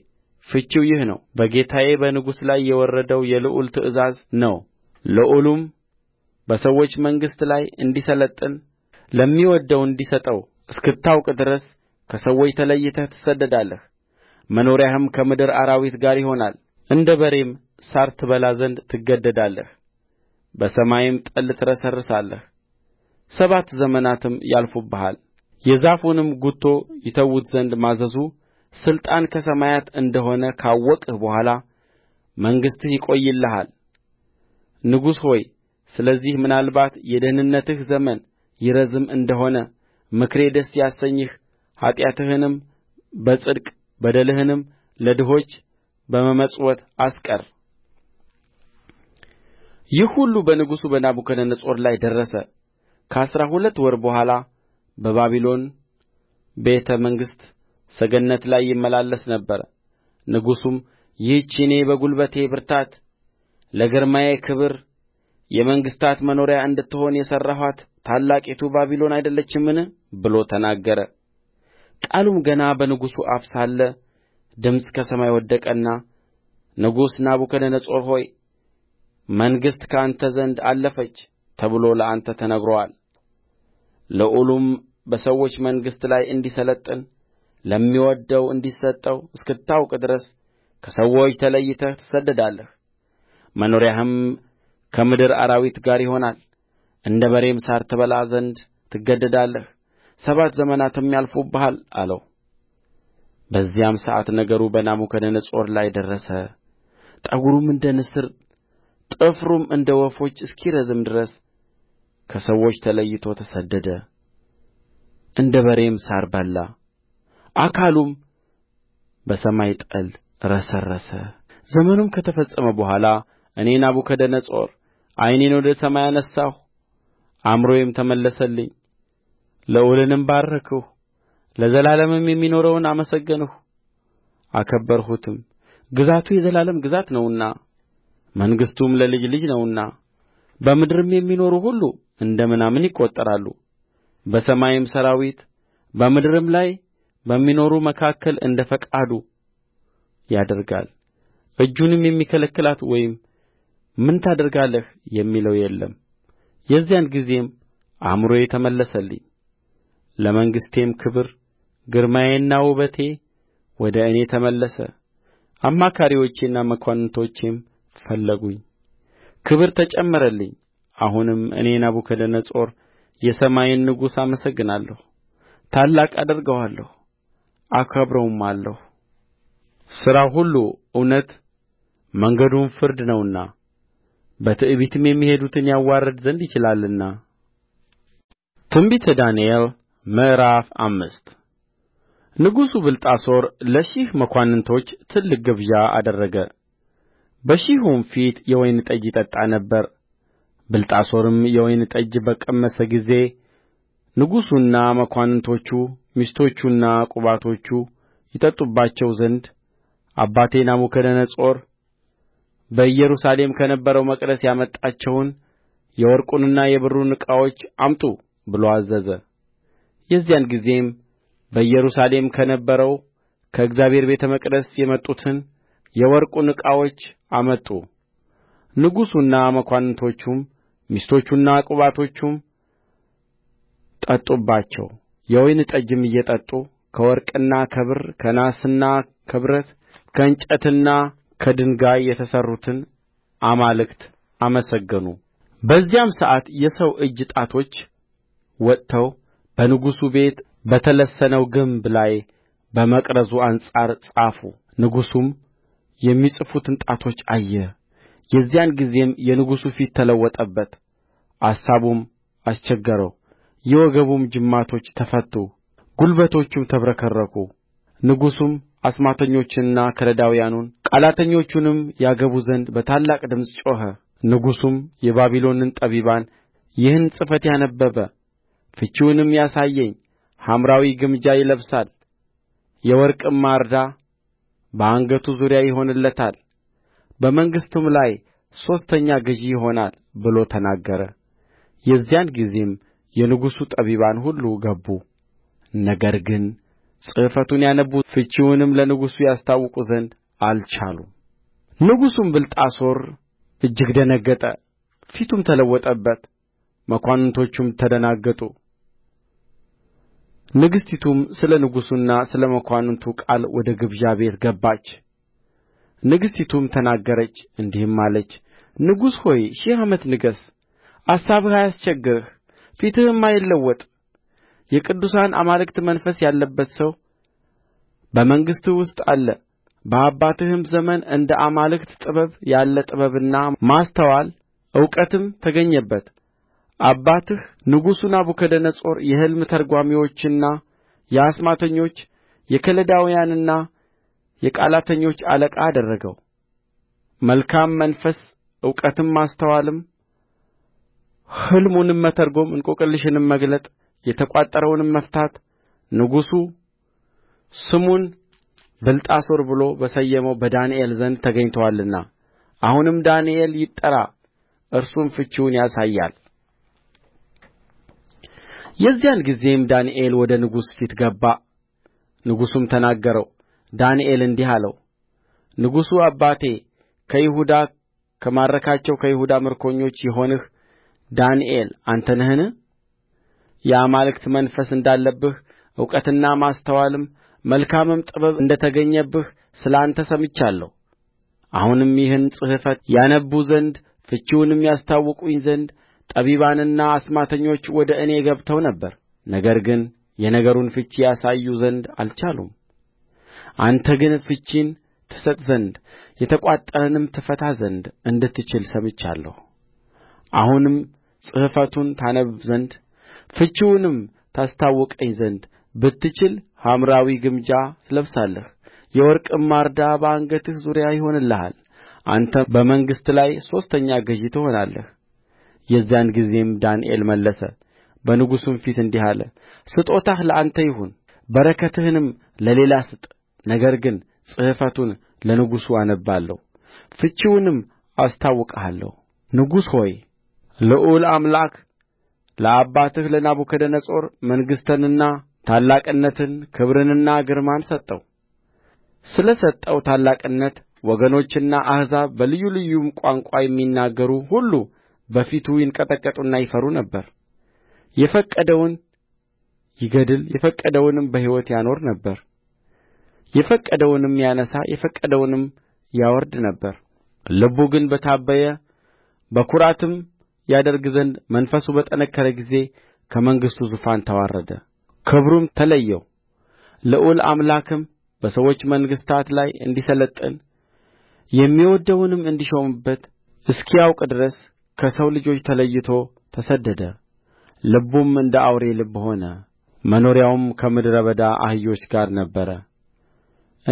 ፍቺው ይህ ነው በጌታዬ በንጉሥ ላይ የወረደው የልዑል ትእዛዝ ነው ልዑሉም በሰዎች መንግሥት ላይ እንዲሠለጥን ለሚወድደው እንዲሰጠው እስክታውቅ ድረስ ከሰዎች ተለይተህ ትሰደዳለህ መኖሪያህም ከምድር አራዊት ጋር ይሆናል እንደ በሬም ሣር ትበላ ዘንድ ትገደዳለህ በሰማይም ጠል ትረሰርሳለህ ሰባት ዘመናትም ያልፉብሃል የዛፉንም ጉቶ ይተዉት ዘንድ ማዘዙ ሥልጣን ከሰማያት እንደ ሆነ ካወቅህ በኋላ መንግሥትህ ይቈይልሃል ንጉሥ ሆይ ስለዚህ ምናልባት የደኅንነትህ ዘመን ይረዝም እንደሆነ ምክሬ ደስ ያሰኝህ ኃጢአትህንም በጽድቅ በደልህንም ለድሆች በመመጽወት አስቀር ይህ ሁሉ በንጉሡ በናቡከደነፆር ላይ ደረሰ ከአሥራ ሁለት ወር በኋላ በባቢሎን ቤተ መንግሥት ሰገነት ላይ ይመላለስ ነበር ንጉሡም ይህች እኔ በጕልበቴ ብርታት ለግርማዬ ክብር የመንግሥታት መኖሪያ እንድትሆን የሠራኋት ታላቂቱ ባቢሎን አይደለችምን ብሎ ተናገረ ቃሉም ገና በንጉሡ አፍ ሳለ ድምፅ ከሰማይ ወደቀና ንጉሥ ናቡከደነፆር ሆይ መንግሥት ከአንተ ዘንድ አለፈች ተብሎ ለአንተ ተነግሮአል ልዑሉም በሰዎች መንግሥት ላይ እንዲሠለጥን ለሚወድደው እንዲሰጠው እስክታውቅ ድረስ ከሰዎች ተለይተህ ትሰደዳለህ መኖሪያህም ከምድር አራዊት ጋር ይሆናል እንደ በሬም ሣር ትበላ ዘንድ ትገደዳለህ ሰባት ዘመናትም ያልፉብሃል አለው በዚያም ሰዓት ነገሩ በናቡከደነፆር ላይ ደረሰ ጠጕሩም እንደ ንስር ጥፍሩም እንደ ወፎች እስኪረዝም ድረስ ከሰዎች ተለይቶ ተሰደደ እንደ በሬም ሣር በላ አካሉም በሰማይ ጠል ረሰረሰ ዘመኑም ከተፈጸመ በኋላ እኔ ናቡከደነፆር ዓይኔን ወደ ሰማይ አነሣሁ አእምሮዬም ተመለሰልኝ ልዑልንም ባረክሁ ለዘላለምም የሚኖረውን አመሰገንሁ አከበርሁትም ግዛቱ የዘላለም ግዛት ነውና መንግሥቱም ለልጅ ልጅ ነውና በምድርም የሚኖሩ ሁሉ እንደ ምናምን ይቈጠራሉ በሰማይም ሠራዊት በምድርም ላይ በሚኖሩ መካከል እንደ ፈቃዱ ያደርጋል እጁንም የሚከለክላት ወይም ምን ታደርጋለህ የሚለው የለም የዚያን ጊዜም አእምሮዬ ተመለሰልኝ ለመንግሥቴም ክብር ግርማዬና ውበቴ ወደ እኔ ተመለሰ አማካሪዎቼና መኳንንቶቼም ፈለጉኝ ክብር ተጨመረልኝ አሁንም እኔ ናቡከደነፆር የሰማይን ንጉሥ አመሰግናለሁ ታላቅ አደርገዋለሁ አከብረውማለሁ ሥራው ሁሉ እውነት መንገዱም ፍርድ ነውና በትዕቢትም የሚሄዱትን ያዋርድ ዘንድ ይችላልና ትንቢተ ዳንኤል ምዕራፍ አምስት ንጉሡ ብልጣሶር ለሺህ መኳንንቶች ትልቅ ግብዣ አደረገ በሺሁም ፊት የወይን ጠጅ ይጠጣ ነበር ብልጣሶርም የወይን ጠጅ በቀመሰ ጊዜ ንጉሡና መኳንንቶቹ ሚስቶቹና ቁባቶቹ ይጠጡባቸው ዘንድ አባቴ ናቡከደነፆር በኢየሩሳሌም ከነበረው መቅደስ ያመጣቸውን የወርቁንና የብሩን ዕቃዎች አምጡ ብሎ አዘዘ። የዚያን ጊዜም በኢየሩሳሌም ከነበረው ከእግዚአብሔር ቤተ መቅደስ የመጡትን የወርቁን ዕቃዎች አመጡ ንጉሡና መኳንንቶቹም ሚስቶቹና ቁባቶቹም ጠጡባቸው የወይን ጠጅም እየጠጡ ከወርቅና ከብር ከናስና ከብረት ከእንጨትና ከድንጋይ የተሠሩትን አማልክት አመሰገኑ በዚያም ሰዓት የሰው እጅ ጣቶች ወጥተው በንጉሡ ቤት በተለሰነው ግንብ ላይ በመቅረዙ አንጻር ጻፉ ንጉሡም የሚጽፉትን ጣቶች አየ የዚያን ጊዜም የንጉሡ ፊት ተለወጠበት አሳቡም አስቸገረው የወገቡም ጅማቶች ተፈቱ ጕልበቶቹም ተብረከረኩ ንጉሡም አስማተኞቹንና ከለዳውያኑን ቃላተኞቹንም ያገቡ ዘንድ በታላቅ ድምፅ ጮኸ ንጉሡም የባቢሎንን ጠቢባን ይህን ጽሕፈት ያነበበ ፍቺውንም ያሳየኝ ሐምራዊ ግምጃ ይለብሳል የወርቅም ማርዳ በአንገቱ ዙሪያ ይሆንለታል በመንግሥቱም ላይ ሦስተኛ ገዥ ይሆናል ብሎ ተናገረ የዚያን ጊዜም የንጉሡ ጠቢባን ሁሉ ገቡ ነገር ግን ጽሕፈቱን ያነብቡ ፍቺውንም ለንጉሡ ያስታውቁ ዘንድ አልቻሉም ንጉሡም ብልጣሶር እጅግ ደነገጠ ፊቱም ተለወጠበት መኳንንቶቹም ተደናገጡ ንግሥቲቱም ስለ ንጉሡና ስለ መኳንንቱ ቃል ወደ ግብዣ ቤት ገባች ንግሥቲቱም ተናገረች እንዲህም አለች ንጉሥ ሆይ ሺህ ዓመት ንገሥ አሳብህ አያስቸግርህ ፊትህም አይለወጥ የቅዱሳን አማልክት መንፈስ ያለበት ሰው በመንግሥትህ ውስጥ አለ በአባትህም ዘመን እንደ አማልክት ጥበብ ያለ ጥበብና ማስተዋል እውቀትም ተገኘበት አባትህ ንጉሡ ናቡከደነፆር የሕልም ተርጓሚዎችና የአስማተኞች የከለዳውያንና የቃላተኞች አለቃ አደረገው መልካም መንፈስ እውቀትም ማስተዋልም ሕልሙንም መተርጐም እንቈቅልሽንም መግለጥ የተቋጠረውንም መፍታት ንጉሡ ስሙን ብልጣሶር ብሎ በሰየመው በዳንኤል ዘንድ ተገኝቶአልና አሁንም ዳንኤል ይጠራ እርሱም ፍቺውን ያሳያል የዚያን ጊዜም ዳንኤል ወደ ንጉሡ ፊት ገባ ንጉሡም ተናገረው ዳንኤል እንዲህ አለው ንጉሡ አባቴ ከይሁዳ ከማረካቸው ከይሁዳ ምርኮኞች የሆንህ ዳንኤል አንተ ነህን የአማልክት መንፈስ እንዳለብህ እውቀትና ማስተዋልም መልካምም ጥበብ እንደ ተገኘብህ ስለ አንተ ሰምቻለሁ አሁንም ይህን ጽሕፈት ያነብቡ ዘንድ ፍቺውንም ያስታውቁኝ ዘንድ ጠቢባንና አስማተኞች ወደ እኔ ገብተው ነበር ነገር ግን የነገሩን ፍቺ ያሳዩ ዘንድ አልቻሉም አንተ ግን ፍቺን ትሰጥ ዘንድ የተቋጠረንም ትፈታ ዘንድ እንድትችል ሰምቻለሁ አሁንም ጽሕፈቱን ታነብብ ዘንድ ፍቺውንም ታስታውቀኝ ዘንድ ብትችል ሐምራዊ ግምጃ ትለብሳለህ የወርቅም ማርዳ በአንገትህ ዙሪያ ይሆንልሃል አንተም በመንግሥት ላይ ሦስተኛ ገዥ ትሆናለህ የዚያን ጊዜም ዳንኤል መለሰ በንጉሡም ፊት እንዲህ አለ ስጦታህ ለአንተ ይሁን በረከትህንም ለሌላ ስጥ ነገር ግን ጽሕፈቱን ለንጉሡ አነብባለሁ ፍቺውንም አስታውቅሃለሁ ንጉሥ ሆይ ልዑል አምላክ ለአባትህ ለናቡከደነፆር መንግሥትንና ታላቅነትን ክብርንና ግርማን ሰጠው ስለ ሰጠው ታላቅነት ወገኖችና አሕዛብ በልዩ ልዩም ቋንቋ የሚናገሩ ሁሉ በፊቱ ይንቀጠቀጡና ይፈሩ ነበር የፈቀደውን ይገድል የፈቀደውንም በሕይወት ያኖር ነበር የፈቀደውንም ያነሣ የፈቀደውንም ያወርድ ነበር ልቡ ግን በታበየ በኵራትም ያደርግ ዘንድ መንፈሱ በጠነከረ ጊዜ ከመንግሥቱ ዙፋን ተዋረደ ክብሩም ተለየው ልዑል አምላክም በሰዎች መንግሥታት ላይ እንዲሠለጥን የሚወድደውንም እንዲሾምበት እስኪያውቅ ድረስ ከሰው ልጆች ተለይቶ ተሰደደ ልቡም እንደ አውሬ ልብ ሆነ መኖሪያውም ከምድረ በዳ አህዮች ጋር ነበረ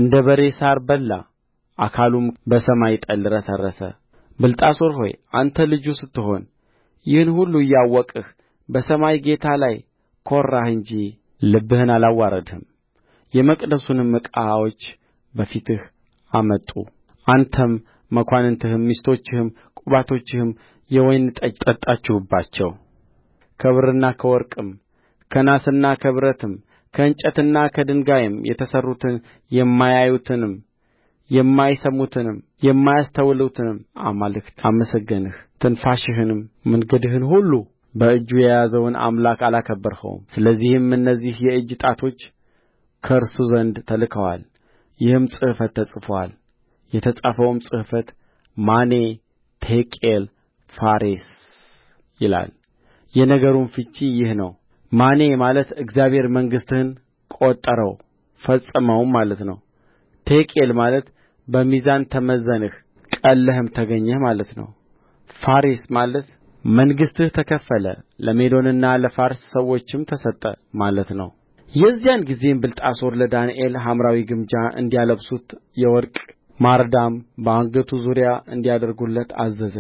እንደ በሬ ሣር በላ አካሉም በሰማይ ጠል ረሰረሰ ብልጣሶር ሆይ አንተ ልጁ ስትሆን ይህን ሁሉ እያወቅህ በሰማይ ጌታ ላይ ኰራህ እንጂ ልብህን አላዋረድህም የመቅደሱንም ዕቃዎች በፊትህ አመጡ አንተም መኳንንትህም ሚስቶችህም ቁባቶችህም የወይን ጠጅ ጠጣችሁባቸው። ከብርና ከወርቅም ከናስና ከብረትም ከእንጨትና ከድንጋይም የተሠሩትን የማያዩትንም የማይሰሙትንም የማያስተውሉትንም አማልክት አመሰገንህ። ትንፋሽህንም መንገድህን ሁሉ በእጁ የያዘውን አምላክ አላከበርኸውም። ስለዚህም እነዚህ የእጅ ጣቶች ከእርሱ ዘንድ ተልከዋል፣ ይህም ጽሕፈት ተጽፎአል። የተጻፈውም ጽሕፈት ማኔ ቴቄል ፋሬስ ይላል የነገሩም ፍቺ ይህ ነው ማኔ ማለት እግዚአብሔር መንግሥትህን ቈጠረው ፈጸመውም ማለት ነው ቴቄል ማለት በሚዛን ተመዘንህ ቀልለህም ተገኘህ ማለት ነው ፋሬስ ማለት መንግሥትህ ተከፈለ ለሜዶንና ለፋርስ ሰዎችም ተሰጠ ማለት ነው የዚያን ጊዜም ብልጣሶር ለዳንኤል ሐምራዊ ግምጃ እንዲያለብሱት የወርቅ ማርዳም በአንገቱ ዙሪያ እንዲያደርጉለት አዘዘ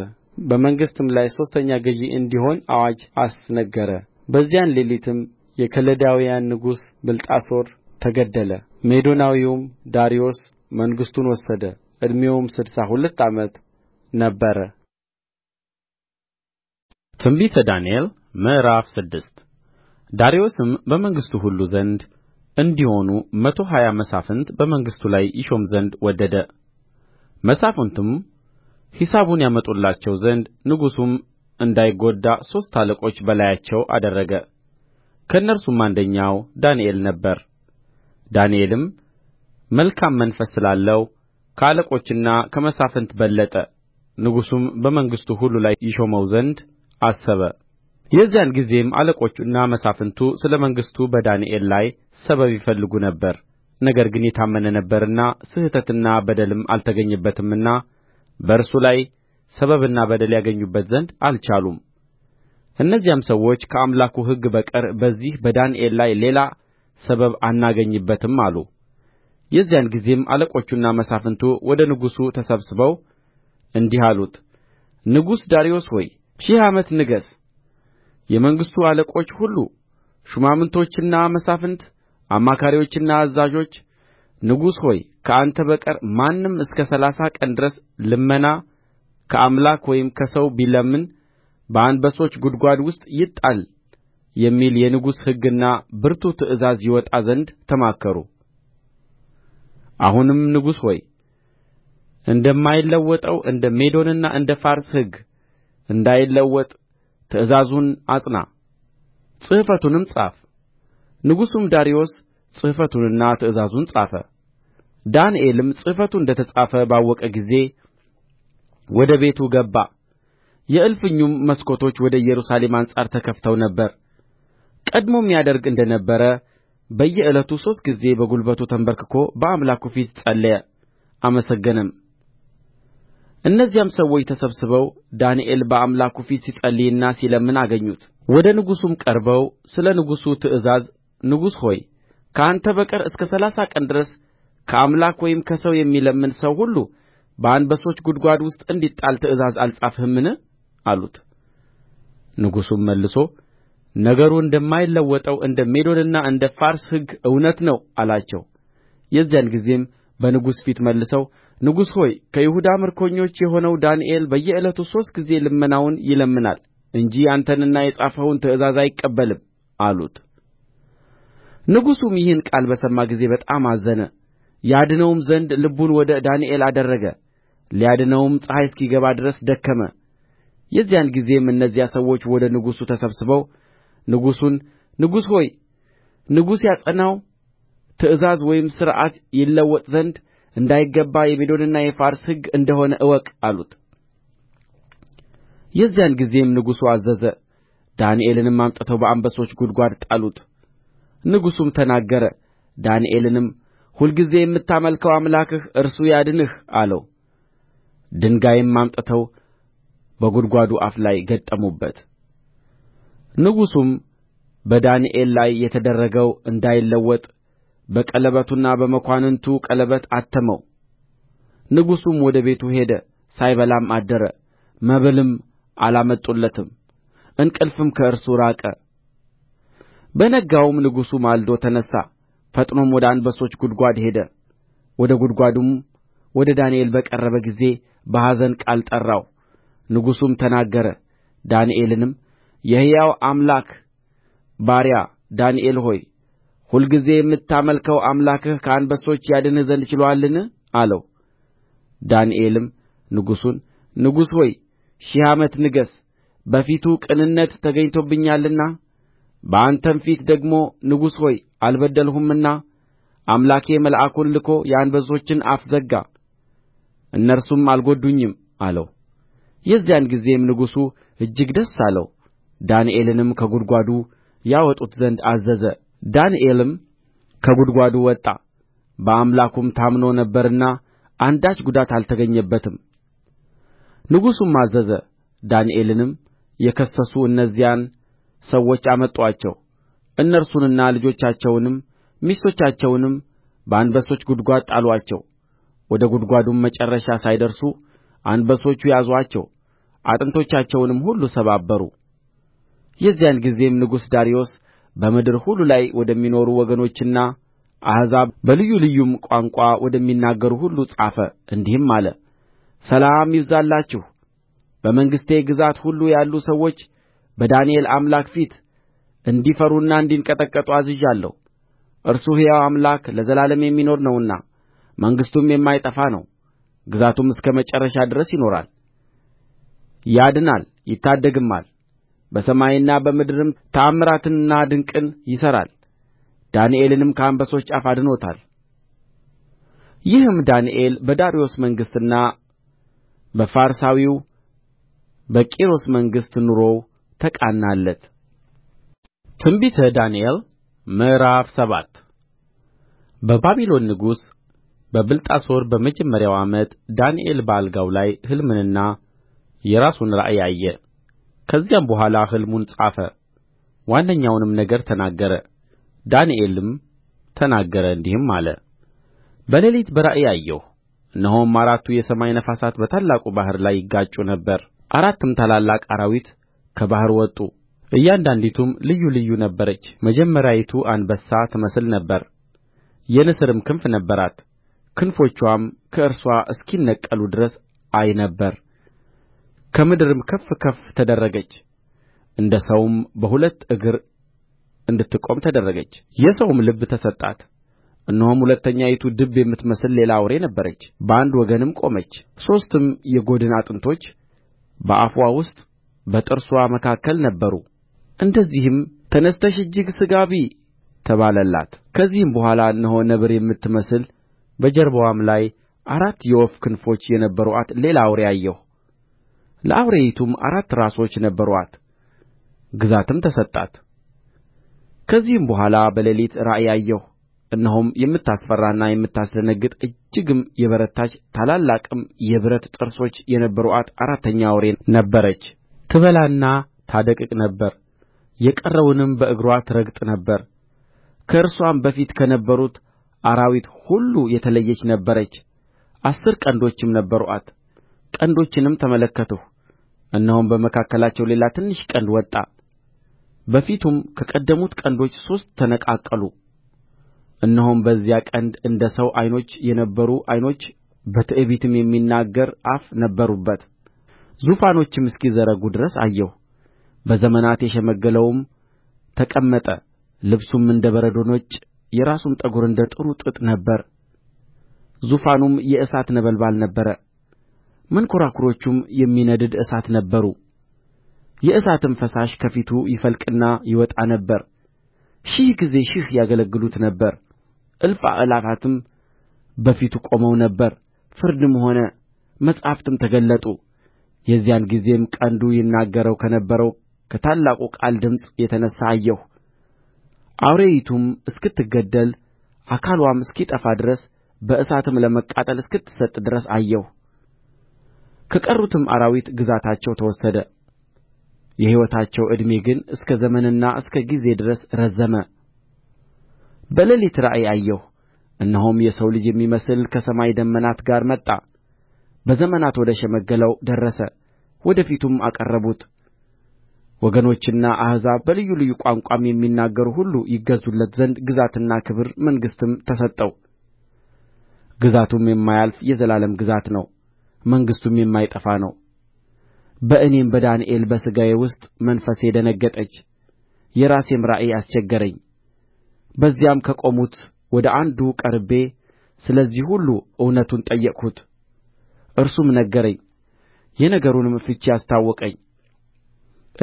በመንግሥትም ላይ ሦስተኛ ገዥ እንዲሆን አዋጅ አስነገረ በዚያን ሌሊትም የከለዳውያን ንጉሥ ብልጣሶር ተገደለ ሜዶናዊውም ዳርዮስ መንግሥቱን ወሰደ ዕድሜውም ስድሳ ሁለት ዓመት ነበረ ትንቢተ ዳንኤል ምዕራፍ ስድስት ዳርዮስም በመንግሥቱ ሁሉ ዘንድ እንዲሆኑ መቶ ሀያ መሳፍንት በመንግሥቱ ላይ ይሾም ዘንድ ወደደ መሳፍንቱም ሒሳቡን ያመጡላቸው ዘንድ ንጉሡም እንዳይጐዳ ሦስት አለቆች በላያቸው አደረገ ከእነርሱም አንደኛው ዳንኤል ነበረ ዳንኤልም መልካም መንፈስ ስላለው ከአለቆችና ከመሳፍንት በለጠ ንጉሡም በመንግሥቱ ሁሉ ላይ ይሾመው ዘንድ አሰበ የዚያን ጊዜም አለቆቹና መሳፍንቱ ስለ መንግሥቱ በዳንኤል ላይ ሰበብ ይፈልጉ ነበር ነገር ግን የታመነ ነበረና ስሕተትና በደልም አልተገኘበትምና በእርሱ ላይ ሰበብና በደል ያገኙበት ዘንድ አልቻሉም እነዚያም ሰዎች ከአምላኩ ሕግ በቀር በዚህ በዳንኤል ላይ ሌላ ሰበብ አናገኝበትም አሉ የዚያን ጊዜም አለቆቹና መሳፍንቱ ወደ ንጉሡ ተሰብስበው እንዲህ አሉት ንጉሥ ዳርዮስ ሆይ ሺህ ዓመት ንገሥ የመንግሥቱ አለቆች ሁሉ ሹማምቶችና መሳፍንት አማካሪዎችና አዛዦች ንጉሥ ሆይ ከአንተ በቀር ማንም እስከ ሠላሳ ቀን ድረስ ልመና ከአምላክ ወይም ከሰው ቢለምን በአንበሶች ጕድጓድ ውስጥ ይጣል የሚል የንጉሥ ሕግና ብርቱ ትእዛዝ ይወጣ ዘንድ ተማከሩ። አሁንም ንጉሥ ሆይ እንደማይለወጠው እንደ ሜዶንና እንደ ፋርስ ሕግ እንዳይለወጥ ትእዛዙን አጽና፣ ጽሕፈቱንም ጻፍ። ንጉሡም ዳርዮስ ጽሕፈቱንና ትእዛዙን ጻፈ። ዳንኤልም ጽሕፈቱ እንደ ተጻፈ ባወቀ ጊዜ ወደ ቤቱ ገባ የእልፍኙም መስኮቶች ወደ ኢየሩሳሌም አንጻር ተከፍተው ነበር ቀድሞም ያደርግ እንደ ነበረ በየዕለቱ ሦስት ጊዜ በጕልበቱ ተንበርክኮ በአምላኩ ፊት ጸለየ አመሰገነም እነዚያም ሰዎች ተሰብስበው ዳንኤል በአምላኩ ፊት ሲጸልይና ሲለምን አገኙት ወደ ንጉሡም ቀርበው ስለ ንጉሡ ትእዛዝ ንጉሥ ሆይ ከአንተ በቀር እስከ ሠላሳ ቀን ድረስ ከአምላክ ወይም ከሰው የሚለምን ሰው ሁሉ በአንበሶች ጕድጓድ ውስጥ እንዲጣል ትእዛዝ አልጻፍህምን አሉት ንጉሡም መልሶ ነገሩ እንደማይለወጠው እንደ ሜዶንና እንደ ፋርስ ሕግ እውነት ነው አላቸው የዚያን ጊዜም በንጉሥ ፊት መልሰው ንጉሥ ሆይ ከይሁዳ ምርኮኞች የሆነው ዳንኤል በየዕለቱ ሦስት ጊዜ ልመናውን ይለምናል እንጂ አንተንና የጻፍኸውን ትእዛዝ አይቀበልም አሉት ንጉሡም ይህን ቃል በሰማ ጊዜ በጣም አዘነ ያድነውም ዘንድ ልቡን ወደ ዳንኤል አደረገ ሊያድነውም ፀሐይ እስኪገባ ድረስ ደከመ የዚያን ጊዜም እነዚያ ሰዎች ወደ ንጉሡ ተሰብስበው ንጉሡን ንጉሥ ሆይ ንጉሡ ያጸናው ትእዛዝ ወይም ሥርዓት ይለወጥ ዘንድ እንዳይገባ የሜዶንና የፋርስ ሕግ እንደ ሆነ እወቅ አሉት የዚያን ጊዜም ንጉሡ አዘዘ ዳንኤልንም አምጥተው በአንበሶች ጕድጓድ ጣሉት ንጉሡም ተናገረ ዳንኤልንም ሁልጊዜ የምታመልከው አምላክህ እርሱ ያድንህ አለው ድንጋይም አምጥተው በጕድጓዱ አፍ ላይ ገጠሙበት ንጉሡም በዳንኤል ላይ የተደረገው እንዳይለወጥ በቀለበቱና በመኳንንቱ ቀለበት አተመው ንጉሡም ወደ ቤቱ ሄደ ሳይበላም አደረ መብልም አላመጡለትም እንቅልፍም ከእርሱ ራቀ በነጋውም ንጉሡ ማልዶ ተነሣ ፈጥኖም ወደ አንበሶች ጕድጓድ ሄደ ወደ ጕድጓዱም ወደ ዳንኤል በቀረበ ጊዜ በኀዘን ቃል ጠራው ንጉሡም ተናገረ ዳንኤልንም የሕያው አምላክ ባሪያ ዳንኤል ሆይ ሁልጊዜ የምታመልከው አምላክህ ከአንበሶች ያድንህ ዘንድ ችሎአልን አለው ዳንኤልም ንጉሡን ንጉሥ ሆይ ሺህ ዓመት ንገሥ በፊቱ ቅንነት ተገኝቶብኛልና በአንተም ፊት ደግሞ ንጉሥ ሆይ አልበደልሁምና አምላኬ መልአኩን ልኮ የአንበሶችን አፍ ዘጋ እነርሱም አልጐዱኝም አለው የዚያን ጊዜም ንጉሡ እጅግ ደስ አለው ዳንኤልንም ከጕድጓዱ ያወጡት ዘንድ አዘዘ ዳንኤልም ከጕድጓዱ ወጣ በአምላኩም ታምኖ ነበርና አንዳች ጉዳት አልተገኘበትም ንጉሡም አዘዘ ዳንኤልንም የከሰሱ እነዚያን ሰዎች አመጡአቸው እነርሱንና ልጆቻቸውንም ሚስቶቻቸውንም በአንበሶች ጕድጓድ ጣሉአቸው ወደ ጕድጓዱም መጨረሻ ሳይደርሱ አንበሶቹ ያዙአቸው አጥንቶቻቸውንም ሁሉ ሰባበሩ የዚያን ጊዜም ንጉሡ ዳርዮስ በምድር ሁሉ ላይ ወደሚኖሩ ወገኖችና አሕዛብ በልዩ ልዩም ቋንቋ ወደሚናገሩ ሁሉ ጻፈ እንዲህም አለ ሰላም ይብዛላችሁ በመንግሥቴ ግዛት ሁሉ ያሉ ሰዎች በዳንኤል አምላክ ፊት እንዲፈሩና እንዲንቀጠቀጡ አዝዣለሁ እርሱ ሕያው አምላክ ለዘላለም የሚኖር ነውና መንግሥቱም የማይጠፋ ነው ግዛቱም እስከ መጨረሻ ድረስ ይኖራል ያድናል ይታደግማል በሰማይና በምድርም ተአምራትንና ድንቅን ይሠራል ዳንኤልንም ከአንበሶች አፍ አድኖታል ይህም ዳንኤል በዳርዮስ መንግሥትና በፋርሳዊው በቂሮስ መንግሥት ኑሮው ተቃናለት። ትንቢተ ዳንኤል ምዕራፍ ሰባት በባቢሎን ንጉሥ በብልጣሶር በመጀመሪያው ዓመት ዳንኤል በአልጋው ላይ ሕልምንና የራሱን ራእይ አየ። ከዚያም በኋላ ሕልሙን ጻፈ፣ ዋነኛውንም ነገር ተናገረ። ዳንኤልም ተናገረ እንዲህም አለ። በሌሊት በራእይ አየሁ፣ እነሆም አራቱ የሰማይ ነፋሳት በታላቁ ባሕር ላይ ይጋጩ ነበር። አራትም ታላላቅ አራዊት ከባሕር ወጡ እያንዳንዲቱም ልዩ ልዩ ነበረች መጀመሪያይቱ አንበሳ ትመስል ነበር የንስርም ክንፍ ነበራት ክንፎችዋም ከእርስዋ እስኪነቀሉ ድረስ አይ ነበር ከምድርም ከፍ ከፍ ተደረገች እንደ ሰውም በሁለት እግር እንድትቆም ተደረገች የሰውም ልብ ተሰጣት እነሆም ሁለተኛይቱ ድብ የምትመስል ሌላ አውሬ ነበረች በአንድ ወገንም ቆመች ሦስትም የጐድን አጥንቶች በአፍዋ ውስጥ በጥርስዋ መካከል ነበሩ እንደዚህም ተነሥተሽ እጅግ ሥጋ ብዪ ተባለላት ከዚህም በኋላ እነሆ ነብር የምትመስል በጀርባዋም ላይ አራት የወፍ ክንፎች የነበሩአት ሌላ አውሬ አየሁ ለአውሬይቱም አራት ራሶች ነበሩአት ግዛትም ተሰጣት ከዚህም በኋላ በሌሊት ራእይ አየሁ እነሆም የምታስፈራና የምታስደነግጥ እጅግም የበረታች ታላላቅም የብረት ጥርሶች የነበሩአት አራተኛ አውሬ ነበረች ትበላና ታደቅቅ ነበር የቀረውንም በእግርዋ ትረግጥ ነበር ከእርስዋም በፊት ከነበሩት አራዊት ሁሉ የተለየች ነበረች አሥር ቀንዶችም ነበሩአት ቀንዶችንም ተመለከትሁ እነሆም በመካከላቸው ሌላ ትንሽ ቀንድ ወጣ በፊቱም ከቀደሙት ቀንዶች ሦስት ተነቃቀሉ እነሆም በዚያ ቀንድ እንደ ሰው ዓይኖች የነበሩ ዓይኖች በትዕቢትም የሚናገር አፍ ነበሩበት ዙፋኖችም እስኪዘረጉ ድረስ አየሁ በዘመናት የሸመገለውም ተቀመጠ ልብሱም እንደ በረዶ ነጭ የራሱም ጠጕር እንደ ጥሩ ጥጥ ነበረ ዙፋኑም የእሳት ነበልባል ነበረ መንኰራኵሮቹም የሚነድድ እሳት ነበሩ የእሳትም ፈሳሽ ከፊቱ ይፈልቅና ይወጣ ነበር ሺህ ጊዜ ሺህ ያገለግሉት ነበር እልፍ አእላፋትም በፊቱ ቆመው ነበር ፍርድም ሆነ መጻሕፍትም ተገለጡ የዚያን ጊዜም ቀንዱ ይናገረው ከነበረው ከታላቁ ቃል ድምፅ የተነሣ አየሁ አውሬይቱም እስክትገደል አካልዋም እስኪጠፋ ድረስ በእሳትም ለመቃጠል እስክትሰጥ ድረስ አየሁ ከቀሩትም አራዊት ግዛታቸው ተወሰደ የሕይወታቸው ዕድሜ ግን እስከ ዘመንና እስከ ጊዜ ድረስ ረዘመ በሌሊት ራእይ አየሁ እነሆም የሰው ልጅ የሚመስል ከሰማይ ደመናት ጋር መጣ በዘመናት ወደ ሸመገለው ደረሰ ወደ ፊቱም አቀረቡት ወገኖችና አሕዛብ በልዩ ልዩ ቋንቋም የሚናገሩ ሁሉ ይገዙለት ዘንድ ግዛትና ክብር መንግሥትም ተሰጠው ግዛቱም የማያልፍ የዘላለም ግዛት ነው መንግሥቱም የማይጠፋ ነው በእኔም በዳንኤል በሥጋዬ ውስጥ መንፈሴ ደነገጠች የራሴም ራእይ አስቸገረኝ በዚያም ከቆሙት ወደ አንዱ ቀርቤ ስለዚህ ሁሉ እውነቱን ጠየቅሁት እርሱም ነገረኝ የነገሩንም ፍቺ አስታወቀኝ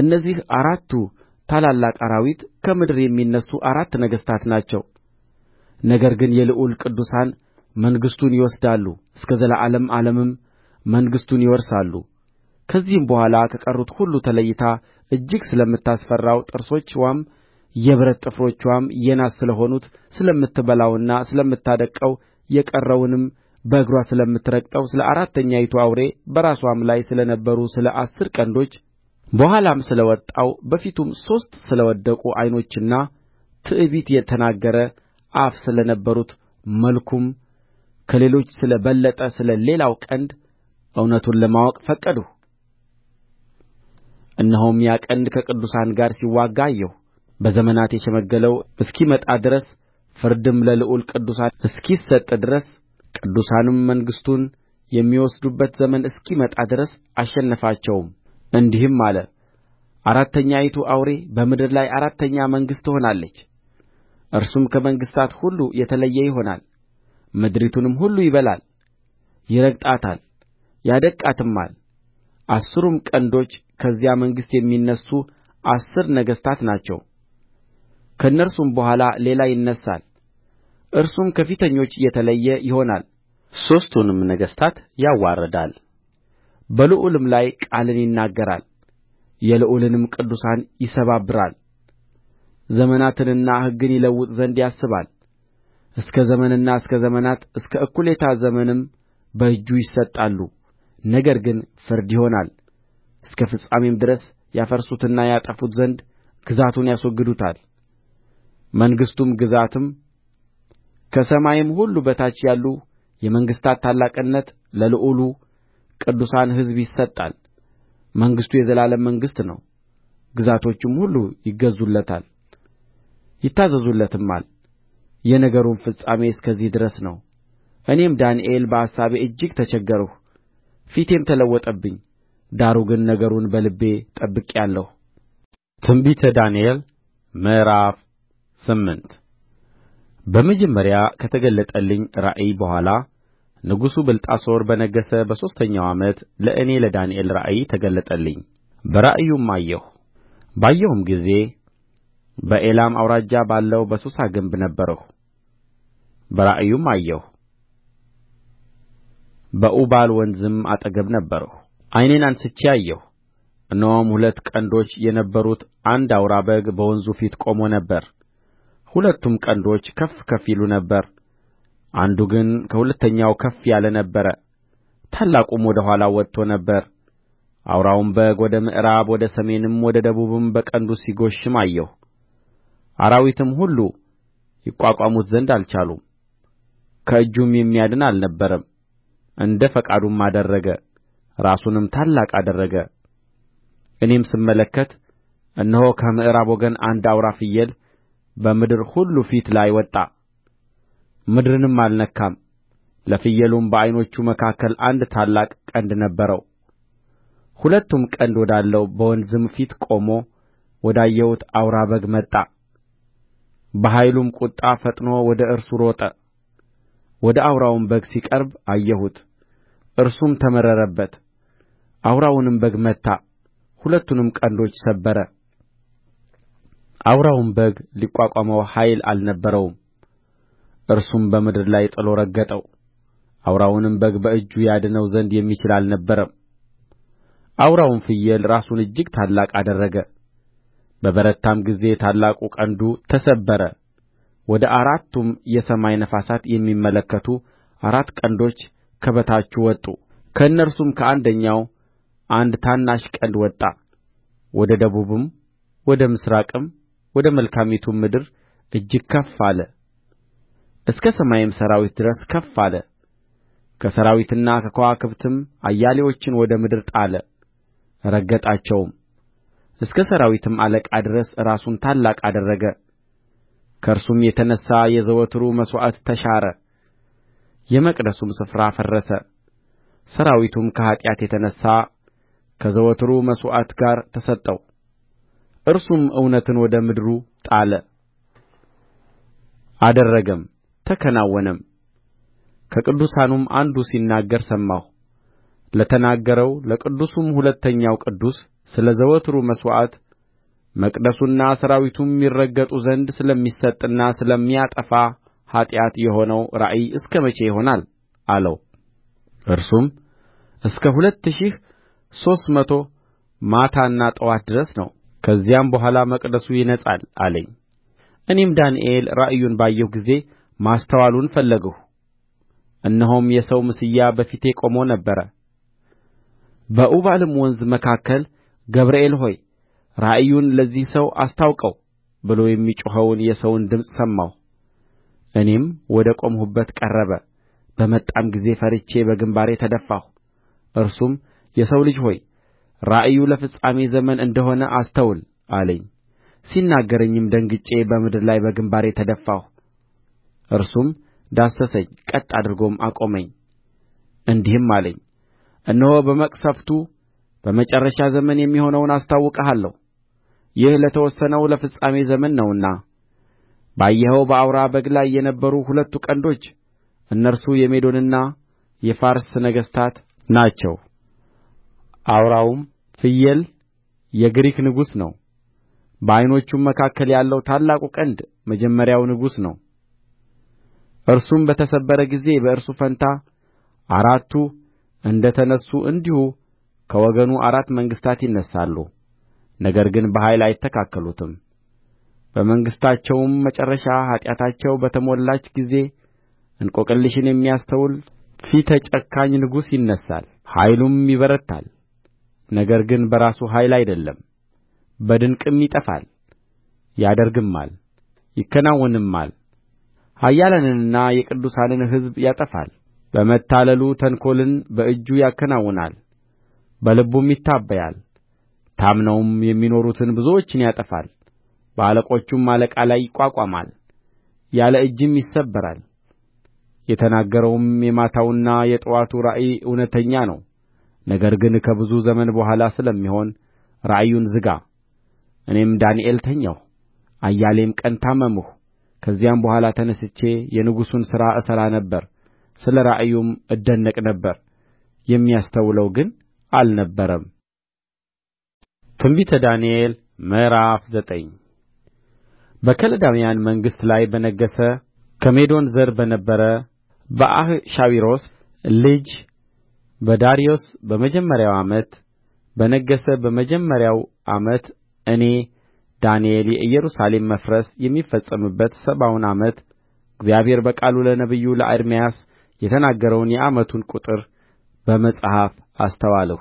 እነዚህ አራቱ ታላላቅ አራዊት ከምድር የሚነሡ አራት ነገሥታት ናቸው ነገር ግን የልዑል ቅዱሳን መንግሥቱን ይወስዳሉ እስከ ዘላለም ዓለምም መንግሥቱን ይወርሳሉ ከዚህም በኋላ ከቀሩት ሁሉ ተለይታ እጅግ ስለምታስፈራው ጥርሶችዋም የብረት ጥፍሮችዋም የናስ ስለ ሆኑት ስለምትበላውና ስለምታደቅቀው የቀረውንም በእግርዋ ስለምትረግጠው ስለ አራተኛይቱ አውሬ በራስዋም ላይ ስለ ነበሩ ስለ አሥር ቀንዶች በኋላም ስለ ወጣው በፊቱም ሦስት ስለ ወደቁ ዓይኖችና ትዕቢት የተናገረ አፍ ስለ ነበሩት መልኩም ከሌሎች ስለ በለጠ ስለ ሌላው ቀንድ እውነቱን ለማወቅ ፈቀድሁ። እነሆም ያ ቀንድ ከቅዱሳን ጋር ሲዋጋ አየሁ። በዘመናት የሸመገለው እስኪመጣ ድረስ ፍርድም ለልዑል ቅዱሳን እስኪሰጥ ድረስ ቅዱሳኑም መንግሥቱን የሚወስዱበት ዘመን እስኪመጣ ድረስ አሸነፋቸውም እንዲህም አለ አራተኛይቱ አውሬ በምድር ላይ አራተኛ መንግሥት ትሆናለች እርሱም ከመንግሥታት ሁሉ የተለየ ይሆናል ምድሪቱንም ሁሉ ይበላል ይረግጣታል ያደቅቃትማል አሥሩም ቀንዶች ከዚያ መንግሥት የሚነሡ አሥር ነገሥታት ናቸው ከእነርሱም በኋላ ሌላ ይነሣል እርሱም ከፊተኞች የተለየ ይሆናል ሦስቱንም ነገሥታት ያዋርዳል በልዑልም ላይ ቃልን ይናገራል የልዑልንም ቅዱሳን ይሰባብራል ዘመናትንና ሕግን ይለውጥ ዘንድ ያስባል እስከ ዘመንና እስከ ዘመናት እስከ እኵሌታ ዘመንም በእጁ ይሰጣሉ ነገር ግን ፍርድ ይሆናል እስከ ፍጻሜም ድረስ ያፈርሱትና ያጠፉት ዘንድ ግዛቱን ያስወግዱታል መንግሥቱም ግዛትም ከሰማይም ሁሉ በታች ያሉ የመንግሥታት ታላቅነት ለልዑሉ ቅዱሳን ሕዝብ ይሰጣል መንግሥቱ የዘላለም መንግሥት ነው ግዛቶችም ሁሉ ይገዙለታል ይታዘዙለትማል የነገሩም ፍጻሜ እስከዚህ ድረስ ነው እኔም ዳንኤል በአሳቤ እጅግ ተቸገርሁ ፊቴም ተለወጠብኝ ዳሩ ግን ነገሩን በልቤ ጠብቄአለሁ ትንቢተ ዳንኤል ምዕራፍ ስምንት በመጀመሪያ ከተገለጠልኝ ራእይ በኋላ ንጉሡ ብልጣሶር በነገሠ በሦስተኛው ዓመት ለእኔ ለዳንኤል ራእይ ተገለጠልኝ በራእዩም አየሁ ባየሁም ጊዜ በኤላም አውራጃ ባለው በሱሳ ግንብ ነበርሁ በራእዩም አየሁ በኡባል ወንዝም አጠገብ ነበርሁ ዓይኔን አንሥቼ አየሁ እነሆም ሁለት ቀንዶች የነበሩት አንድ አውራ በግ በወንዙ ፊት ቆሞ ነበር ሁለቱም ቀንዶች ከፍ ከፍ ይሉ ነበር አንዱ ግን ከሁለተኛው ከፍ ያለ ነበረ ታላቁም ወደ ኋላው ወጥቶ ነበር አውራውም በግ ወደ ምዕራብ ወደ ሰሜንም ወደ ደቡብም በቀንዱ ሲጐሽም አየሁ አራዊትም ሁሉ ይቋቋሙት ዘንድ አልቻሉም ከእጁም የሚያድን አልነበረም እንደ ፈቃዱም አደረገ ራሱንም ታላቅ አደረገ እኔም ስመለከት እነሆ ከምዕራብ ወገን አንድ አውራ ፍየል በምድር ሁሉ ፊት ላይ ወጣ ምድርንም አልነካም ለፍየሉም በዓይኖቹ መካከል አንድ ታላቅ ቀንድ ነበረው ሁለቱም ቀንድ ወዳለው በወንዝም ፊት ቆሞ ወዳየሁት አውራ በግ መጣ በኃይሉም ቍጣ ፈጥኖ ወደ እርሱ ሮጠ ወደ አውራውም በግ ሲቀርብ አየሁት እርሱም ተመረረበት አውራውንም በግ መታ ሁለቱንም ቀንዶች ሰበረ አውራውም በግ ሊቋቋመው ኃይል አልነበረውም እርሱም በምድር ላይ ጥሎ ረገጠው አውራውንም በግ በእጁ ያድነው ዘንድ የሚችል አልነበረም አውራውም ፍየል ራሱን እጅግ ታላቅ አደረገ በበረታም ጊዜ ታላቁ ቀንዱ ተሰበረ ወደ አራቱም የሰማይ ነፋሳት የሚመለከቱ አራት ቀንዶች ከበታቹ ወጡ ከእነርሱም ከአንደኛው አንድ ታናሽ ቀንድ ወጣ ወደ ደቡብም ወደ ምሥራቅም ወደ መልካሚቱም ምድር እጅግ ከፍ አለ እስከ ሰማይም ሠራዊት ድረስ ከፍ አለ ከሠራዊትና ከከዋክብትም አያሌዎችን ወደ ምድር ጣለ ረገጣቸውም እስከ ሠራዊትም አለቃ ድረስ ራሱን ታላቅ አደረገ ከእርሱም የተነሣ የዘወትሩ መሥዋዕት ተሻረ የመቅደሱም ስፍራ ፈረሰ ሠራዊቱም ከኃጢአት የተነሣ ከዘወትሩ መሥዋዕት ጋር ተሰጠው እርሱም እውነትን ወደ ምድሩ ጣለ አደረገም ተከናወነም ከቅዱሳኑም አንዱ ሲናገር ሰማሁ ለተናገረው ለቅዱሱም ሁለተኛው ቅዱስ ስለ ዘወትሩ መሥዋዕት መቅደሱና ሠራዊቱም ይረገጡ ዘንድ ስለሚሰጥና ስለሚያጠፋ ኃጢአት የሆነው ራእይ እስከ መቼ ይሆናል አለው። እርሱም እስከ ሁለት ሺህ ሦስት መቶ ማታና ጥዋት ድረስ ነው ከዚያም በኋላ መቅደሱ ይነጻል አለኝ እኔም ዳንኤል ራእዩን ባየሁ ጊዜ ማስተዋሉን ፈለግሁ እነሆም የሰው ምስያ በፊቴ ቆሞ ነበር በኡባልም ወንዝ መካከል ገብርኤል ሆይ ራእዩን ለዚህ ሰው አስታውቀው ብሎ የሚጮኸውን የሰውን ድምፅ ሰማሁ እኔም ወደ ቆምሁበት ቀረበ በመጣም ጊዜ ፈርቼ በግምባሬ ተደፋሁ እርሱም የሰው ልጅ ሆይ ራእዩ ለፍጻሜ ዘመን እንደ ሆነ አስተውል አለኝ ሲናገረኝም ደንግጬ በምድር ላይ በግምባሬ ተደፋሁ እርሱም ዳሰሰኝ ቀጥ አድርጎም አቆመኝ እንዲህም አለኝ እነሆ በመቅሠፍቱ በመጨረሻ ዘመን የሚሆነውን አስታውቅሃለሁ ይህ ለተወሰነው ለፍጻሜ ዘመን ነውና ባየኸው በአውራ በግ ላይ የነበሩ ሁለቱ ቀንዶች እነርሱ የሜዶንና የፋርስ ነገሥታት ናቸው አውራውም ፍየል የግሪክ ንጉሥ ነው በዓይኖቹም መካከል ያለው ታላቁ ቀንድ መጀመሪያው ንጉሥ ነው እርሱም በተሰበረ ጊዜ በእርሱ ፋንታ አራቱ እንደ ተነሡ እንዲሁ ከወገኑ አራት መንግሥታት ይነሣሉ ነገር ግን በኃይል አይተካከሉትም በመንግሥታቸውም መጨረሻ ኃጢአታቸው በተሞላች ጊዜ እንቈቅልሽን የሚያስተውል ፊተ ጨካኝ ንጉሥ ይነሣል ኃይሉም ይበረታል ነገር ግን በራሱ ኃይል አይደለም በድንቅም ይጠፋል ያደርግማል ይከናወንማል ኃያላንንና የቅዱሳንን ሕዝብ ያጠፋል በመታለሉ ተንኰልን በእጁ ያከናውናል በልቡም ይታበያል ታምነውም የሚኖሩትን ብዙዎችን ያጠፋል በአለቆቹም አለቃ ላይ ይቋቋማል ያለ እጅም ይሰበራል የተናገረውም የማታውና የጥዋቱ ራእይ እውነተኛ ነው ነገር ግን ከብዙ ዘመን በኋላ ስለሚሆን ራእዩን ዝጋ እኔም ዳንኤል ተኛሁ አያሌም ቀን ታመምሁ ከዚያም በኋላ ተነሥቼ የንጉሡን ሥራ እሠራ ነበር ስለ ራእዩም እደነቅ ነበር የሚያስተውለው ግን አልነበረም ትንቢተ ዳንኤል ምዕራፍ ዘጠኝ በከለዳውያን መንግሥት ላይ በነገሠ ከሜዶን ዘር በነበረ በአሕሻዊሮስ ልጅ በዳርዮስ በመጀመሪያው ዓመት በነገሠ በመጀመሪያው ዓመት እኔ ዳንኤል የኢየሩሳሌም መፍረስ የሚፈጸምበት ሰባውን ዓመት እግዚአብሔር በቃሉ ለነቢዩ ለኤርምያስ የተናገረውን የዓመቱን ቍጥር በመጽሐፍ አስተዋልሁ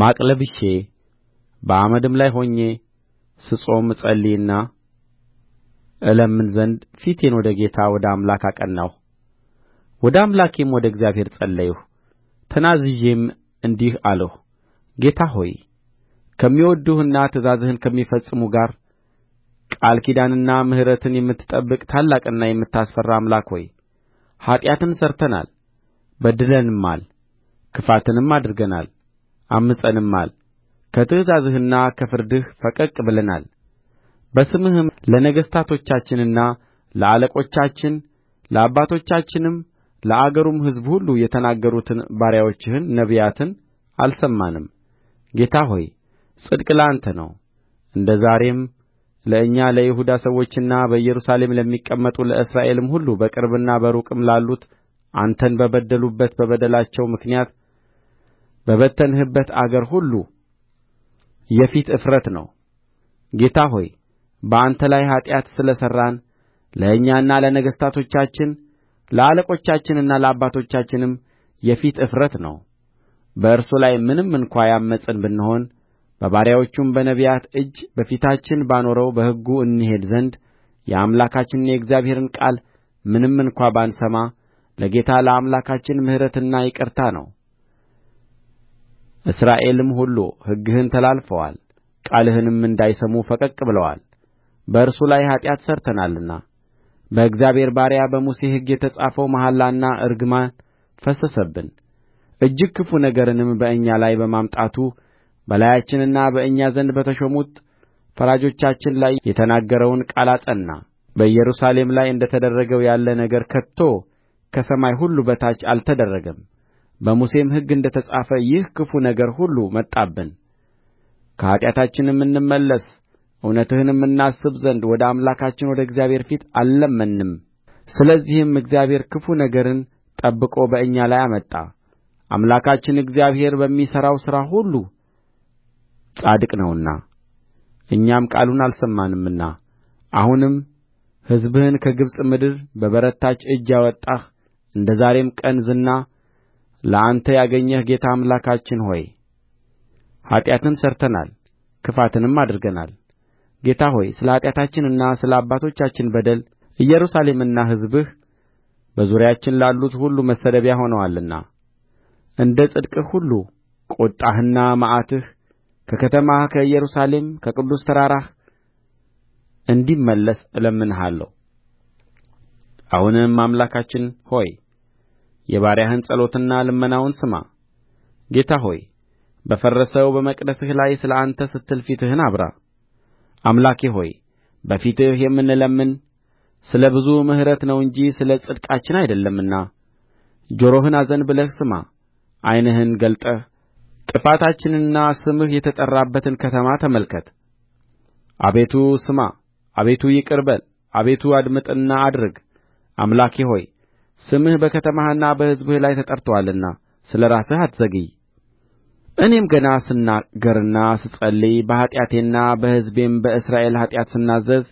ማቅ ለብሼ በአመድም ላይ ሆኜ ስጾም እጸልይና እለምን ዘንድ ፊቴን ወደ ጌታ ወደ አምላክ አቀናሁ ወደ አምላኬም ወደ እግዚአብሔር ጸለይሁ ተናዝዤም እንዲህ አልሁ ጌታ ሆይ ከሚወድዱህና ትእዛዝህን ከሚፈጽሙ ጋር ቃል ኪዳንንና ምሕረትን የምትጠብቅ ታላቅና የምታስፈራ አምላክ ሆይ ኃጢአትን ሠርተናል በድለንማል ክፋትንም አድርገናል ዐምፀንማል ከትእዛዝህና ከፍርድህ ፈቀቅ ብለናል በስምህም ለነገሥታቶቻችንና ለአለቆቻችን ለአባቶቻችንም ለአገሩም ሕዝብ ሁሉ የተናገሩትን ባሪያዎችህን ነቢያትን አልሰማንም ጌታ ሆይ ጽድቅ ለአንተ ነው እንደ ዛሬም ለእኛ ለይሁዳ ሰዎችና በኢየሩሳሌም ለሚቀመጡ ለእስራኤልም ሁሉ በቅርብና በሩቅም ላሉት አንተን በበደሉበት በበደላቸው ምክንያት በበተንህበት አገር ሁሉ የፊት እፍረት ነው ጌታ ሆይ በአንተ ላይ ኃጢአት ስለ ሠራን ለእኛና ለነገሥታቶቻችን ለአለቆቻችንና ለአባቶቻችንም የፊት እፍረት ነው በእርሱ ላይ ምንም እንኳ ያመፅን ብንሆን በባሪያዎቹም በነቢያት እጅ በፊታችን ባኖረው በሕጉ እንሄድ ዘንድ የአምላካችንን የእግዚአብሔርን ቃል ምንም እንኳ ባንሰማ ለጌታ ለአምላካችን ምሕረትና ይቅርታ ነው እስራኤልም ሁሉ ሕግህን ተላልፈዋል ቃልህንም እንዳይሰሙ ፈቀቅ ብለዋል በእርሱ ላይ ኃጢአት ሠርተናልና በእግዚአብሔር ባሪያ በሙሴ ሕግ የተጻፈው መሐላና እርግማን ፈሰሰብን እጅግ ክፉ ነገርንም በእኛ ላይ በማምጣቱ በላያችንና በእኛ ዘንድ በተሾሙት ፈራጆቻችን ላይ የተናገረውን ቃል አጸና በኢየሩሳሌም ላይ እንደ ተደረገው ያለ ነገር ከቶ ከሰማይ ሁሉ በታች አልተደረገም በሙሴም ሕግ እንደ ተጻፈ ይህ ክፉ ነገር ሁሉ መጣብን ከኃጢአታችንም እንመለስ እውነትህንም እናስብ ዘንድ ወደ አምላካችን ወደ እግዚአብሔር ፊት አልለመንንም ስለዚህም እግዚአብሔር ክፉ ነገርን ጠብቆ በእኛ ላይ አመጣ አምላካችን እግዚአብሔር በሚሠራው ሥራ ሁሉ ጻድቅ ነውና እኛም ቃሉን አልሰማንምና አሁንም ሕዝብህን ከግብጽ ምድር በበረታች እጅ ያወጣህ እንደ ዛሬም ቀን ዝና ለአንተ ያገኘህ ጌታ አምላካችን ሆይ ኃጢአትን ሠርተናል ክፋትንም አድርገናል ጌታ ሆይ ስለ ኃጢአታችንና ስለ አባቶቻችን በደል ኢየሩሳሌምና ሕዝብህ በዙሪያችን ላሉት ሁሉ መሰደቢያ ሆነዋልና እንደ ጽድቅህ ሁሉ ቍጣህና መዓትህ ከከተማህ ከኢየሩሳሌም ከቅዱስ ተራራህ እንዲመለስ እለምንሃለሁ አሁንም አምላካችን ሆይ የባሪያህን ጸሎትና ልመናውን ስማ ጌታ ሆይ በፈረሰው በመቅደስህ ላይ ስለ አንተ ስትል ፊትህን አብራ አምላኬ ሆይ በፊትህ የምንለምን ስለ ብዙ ምሕረትህ ነው እንጂ ስለ ጽድቃችን አይደለምና ጆሮህን አዘንብለህ ስማ ዓይንህን ገልጠህ ጥፋታችንንና ስምህ የተጠራበትን ከተማ ተመልከት አቤቱ ስማ አቤቱ ይቅር በል አቤቱ አድምጥና አድርግ አምላኬ ሆይ ስምህ በከተማህና በሕዝብህ ላይ ተጠርቶአልና ስለ ራስህ አትዘግይ እኔም ገና ስናገርና ስጸልይ በኃጢአቴና በሕዝቤም በእስራኤል ኃጢአት ስናዘዝ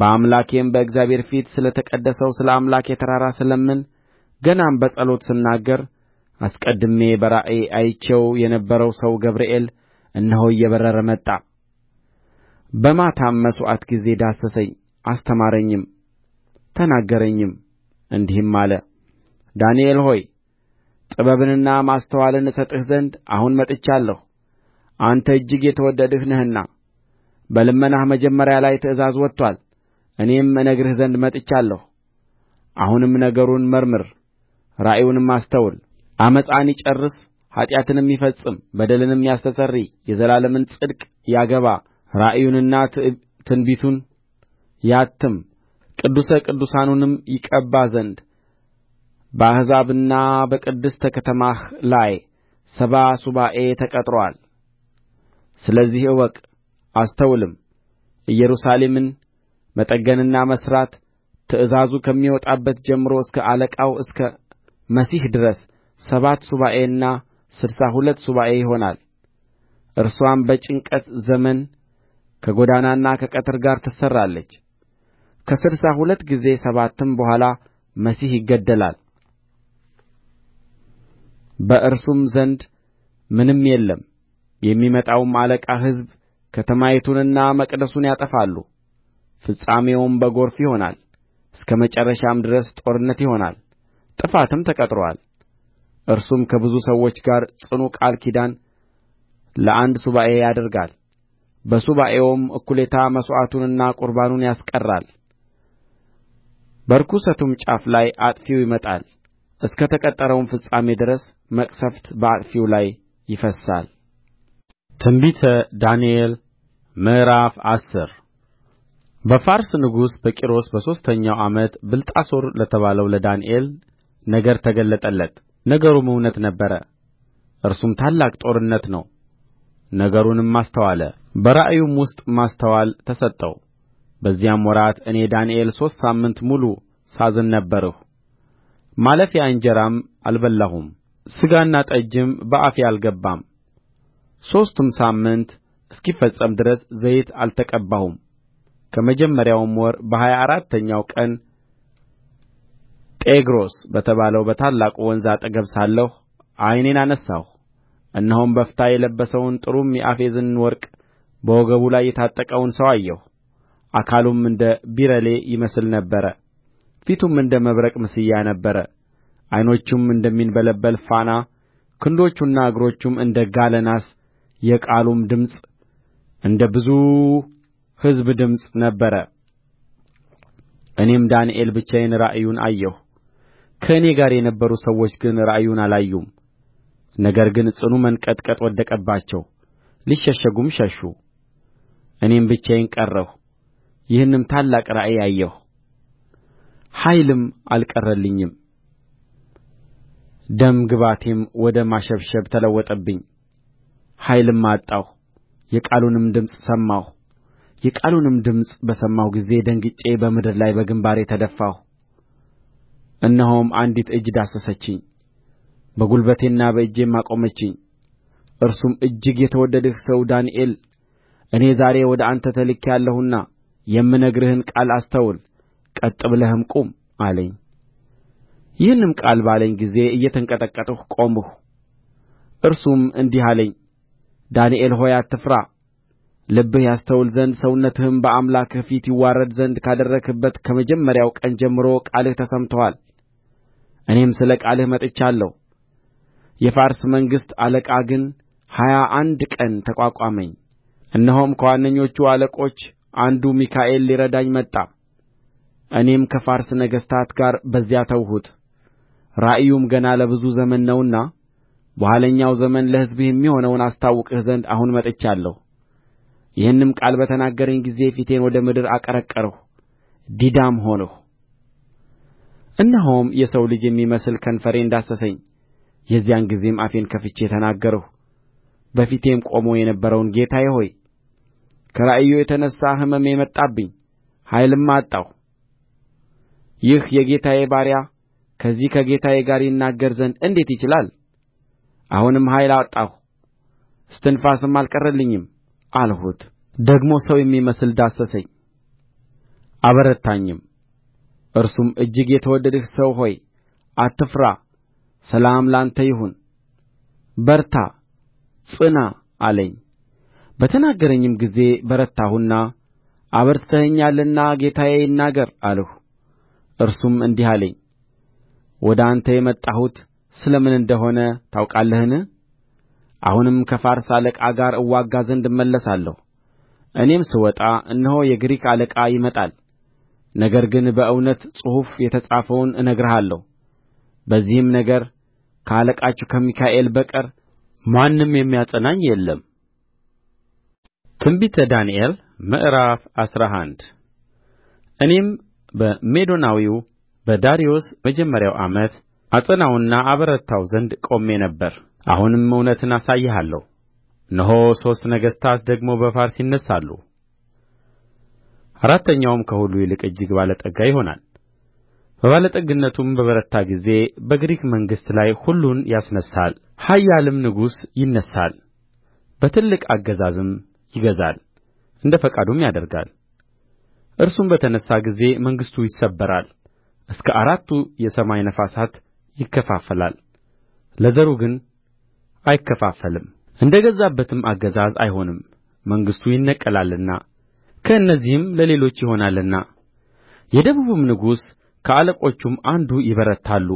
በአምላኬም በእግዚአብሔር ፊት ስለ ተቀደሰው ስለ አምላኬ ተራራ ስለምን ገናም በጸሎት ስናገር አስቀድሜ በራእይ አይቼው የነበረው ሰው ገብርኤል እነሆ እየበረረ መጣ። በማታም መሥዋዕት ጊዜ ዳሰሰኝ፣ አስተማረኝም፣ ተናገረኝም እንዲህም አለ፣ ዳንኤል ሆይ ጥበብንና ማስተዋልን እሰጥህ ዘንድ አሁን መጥቻለሁ አንተ እጅግ የተወደድህ ነህና በልመናህ መጀመሪያ ላይ ትእዛዝ ወጥቶአል እኔም እነግርህ ዘንድ መጥቻለሁ አሁንም ነገሩን መርምር ራእዩንም አስተውል ዓመፃን ይጨርስ ኃጢአትንም ይፈጽም በደልንም ያስተሰርይ የዘላለምን ጽድቅ ያገባ ራእዩንና ትንቢቱን ያትም ቅዱሰ ቅዱሳኑንም ይቀባ ዘንድ በአሕዛብና በቅድስተ ከተማህ ላይ ሰባ ሱባዔ ተቀጥሮአል ስለዚህ እወቅ አስተውልም ኢየሩሳሌምን መጠገንና መሥራት ትእዛዙ ከሚወጣበት ጀምሮ እስከ አለቃው እስከ መሲሕ ድረስ ሰባት ሱባዔና ስድሳ ሁለት ሱባዔ ይሆናል እርሷም በጭንቀት ዘመን ከጎዳናና ከቅጥር ጋር ትሠራለች ከስድሳ ሁለት ጊዜ ሰባትም በኋላ መሲሕ ይገደላል በእርሱም ዘንድ ምንም የለም። የሚመጣውም አለቃ ሕዝብ ከተማይቱንና መቅደሱን ያጠፋሉ። ፍጻሜውም በጐርፍ ይሆናል፣ እስከ መጨረሻም ድረስ ጦርነት ይሆናል። ጥፋትም ተቀጥሮአል። እርሱም ከብዙ ሰዎች ጋር ጽኑ ቃል ኪዳን ለአንድ ሱባዔ ያደርጋል። በሱባዔውም እኩሌታ መሥዋዕቱንና ቁርባኑን ያስቀራል። በርኵሰቱም ጫፍ ላይ አጥፊው ይመጣል እስከ ተቈረጠውም ፍጻሜ ድረስ መቅሠፍት በአጥፊው ላይ ይፈስሳል ትንቢተ ዳንኤል ምዕራፍ አስር በፋርስ ንጉሥ በቂሮስ በሦስተኛው ዓመት ብልጣሶር ለተባለው ለዳንኤል ነገር ተገለጠለት ነገሩም እውነት ነበረ እርሱም ታላቅ ጦርነት ነው ነገሩንም አስተዋለ በራእዩም ውስጥ ማስተዋል ተሰጠው በዚያም ወራት እኔ ዳንኤል ሦስት ሳምንት ሙሉ ሳዝን ነበርሁ ማለፊያ እንጀራም አልበላሁም ሥጋና ጠጅም በአፌ አልገባም ሦስቱም ሳምንት እስኪፈጸም ድረስ ዘይት አልተቀባሁም ከመጀመሪያውም ወር በሀያ አራተኛው ቀን ጤግሮስ በተባለው በታላቁ ወንዝ አጠገብ ሳለሁ ዓይኔን አነሣሁ እነሆም በፍታ የለበሰውን ጥሩም የአፌዝን ወርቅ በወገቡ ላይ የታጠቀውን ሰው አየሁ አካሉም እንደ ቢረሌ ይመስል ነበር ፊቱም እንደ መብረቅ ምስያ ነበረ ዓይኖቹም እንደሚንበለበል ፋና ክንዶቹና እግሮቹም እንደ ጋለ ናስ የቃሉም ድምፅ እንደ ብዙ ሕዝብ ድምፅ ነበረ እኔም ዳንኤል ብቻዬን ራእዩን አየሁ ከእኔ ጋር የነበሩ ሰዎች ግን ራእዩን አላዩም ነገር ግን ጽኑ መንቀጥቀጥ ወደቀባቸው ሊሸሸጉም ሸሹ እኔም ብቻዬን ቀረሁ ይህንም ታላቅ ራእይ አየሁ ኃይልም አልቀረልኝም ደም ግባቴም ወደ ማሸብሸብ ተለወጠብኝ ኃይልም አጣሁ የቃሉንም ድምፅ ሰማሁ የቃሉንም ድምፅ በሰማሁ ጊዜ ደንግጬ በምድር ላይ በግምባሬ ተደፋሁ እነሆም አንዲት እጅ ዳሰሰችኝ በጕልበቴና በእጄም አቆመችኝ እርሱም እጅግ የተወደድህ ሰው ዳንኤል እኔ ዛሬ ወደ አንተ ተልኬአለሁና የምነግርህን ቃል አስተውል ቀጥ ብለህም ቁም አለኝ ይህንም ቃል ባለኝ ጊዜ እየተንቀጠቀጥሁ ቆምሁ እርሱም እንዲህ አለኝ ዳንኤል ሆይ አትፍራ ልብህ ያስተውል ዘንድ ሰውነትህም በአምላክህ ፊት ይዋረድ ዘንድ ካደረግህበት ከመጀመሪያው ቀን ጀምሮ ቃልህ ተሰምቶአል እኔም ስለ ቃልህ መጥቻለሁ የፋርስ መንግሥት አለቃ ግን ሀያ አንድ ቀን ተቋቋመኝ እነሆም ከዋነኞቹ አለቆች አንዱ ሚካኤል ሊረዳኝ መጣ እኔም ከፋርስ ነገሥታት ጋር በዚያ ተውሁት ራእዩም ገና ለብዙ ዘመን ነውና በኋለኛው ዘመን ለሕዝብህ የሚሆነውን አስታውቅህ ዘንድ አሁን መጥቻለሁ ይህንም ቃል በተናገረኝ ጊዜ ፊቴን ወደ ምድር አቀረቀርሁ ዲዳም ሆንሁ እነሆም የሰው ልጅ የሚመስል ከንፈሬን ዳሰሰኝ የዚያን ጊዜም አፌን ከፍቼ ተናገርሁ በፊቴም ቆሞ የነበረውን ጌታዬ ሆይ ከራእዩ የተነሣ ሕመሜ መጣብኝ ኃይልም አጣሁ ይህ የጌታዬ ባሪያ ከዚህ ከጌታዬ ጋር ይናገር ዘንድ እንዴት ይችላል አሁንም ኃይል አጣሁ እስትንፋስም አልቀረልኝም አልሁት ደግሞ ሰው የሚመስል ዳሰሰኝ አበረታኝም እርሱም እጅግ የተወደድህ ሰው ሆይ አትፍራ ሰላም ለአንተ ይሁን በርታ ጽና አለኝ በተናገረኝም ጊዜ በረታሁና አበርትተኸኛልና ጌታዬ ይናገር አልሁ እርሱም እንዲህ አለኝ ወደ አንተ የመጣሁት ስለ ምን እንደ ሆነ ታውቃለህን አሁንም ከፋርስ አለቃ ጋር እዋጋ ዘንድ እመለሳለሁ እኔም ስወጣ እነሆ የግሪክ አለቃ ይመጣል ነገር ግን በእውነት ጽሑፍ የተጻፈውን እነግርሃለሁ በዚህም ነገር ከአለቃችሁ ከሚካኤል በቀር ማንም የሚያጸናኝ የለም። ትንቢተ ዳንኤል ምዕራፍ አስራ አንድ እኔም በሜዶናዊው በዳርዮስ መጀመሪያ ዓመት አጸናውና አበረታው ዘንድ ቆሜ ነበር አሁንም እውነትን አሳይሃለሁ እነሆ ሦስት ነገሥታት ደግሞ በፋርስ ይነሣሉ አራተኛውም ከሁሉ ይልቅ እጅግ ባለጠጋ ይሆናል በባለጠግነቱም በበረታ ጊዜ በግሪክ መንግሥት ላይ ሁሉን ያስነሣል ኃያልም ንጉሥ ይነሣል በትልቅ አገዛዝም ይገዛል እንደ ፈቃዱም ያደርጋል እርሱም በተነሣ ጊዜ መንግሥቱ ይሰበራል እስከ አራቱ የሰማይ ነፋሳት ይከፋፈላል ለዘሩ ግን አይከፋፈልም እንደ ገዛበትም አገዛዝ አይሆንም መንግሥቱ ይነቀላልና ከእነዚህም ለሌሎች ይሆናልና የደቡብም ንጉሥ ከአለቆቹም አንዱ ይበረታሉ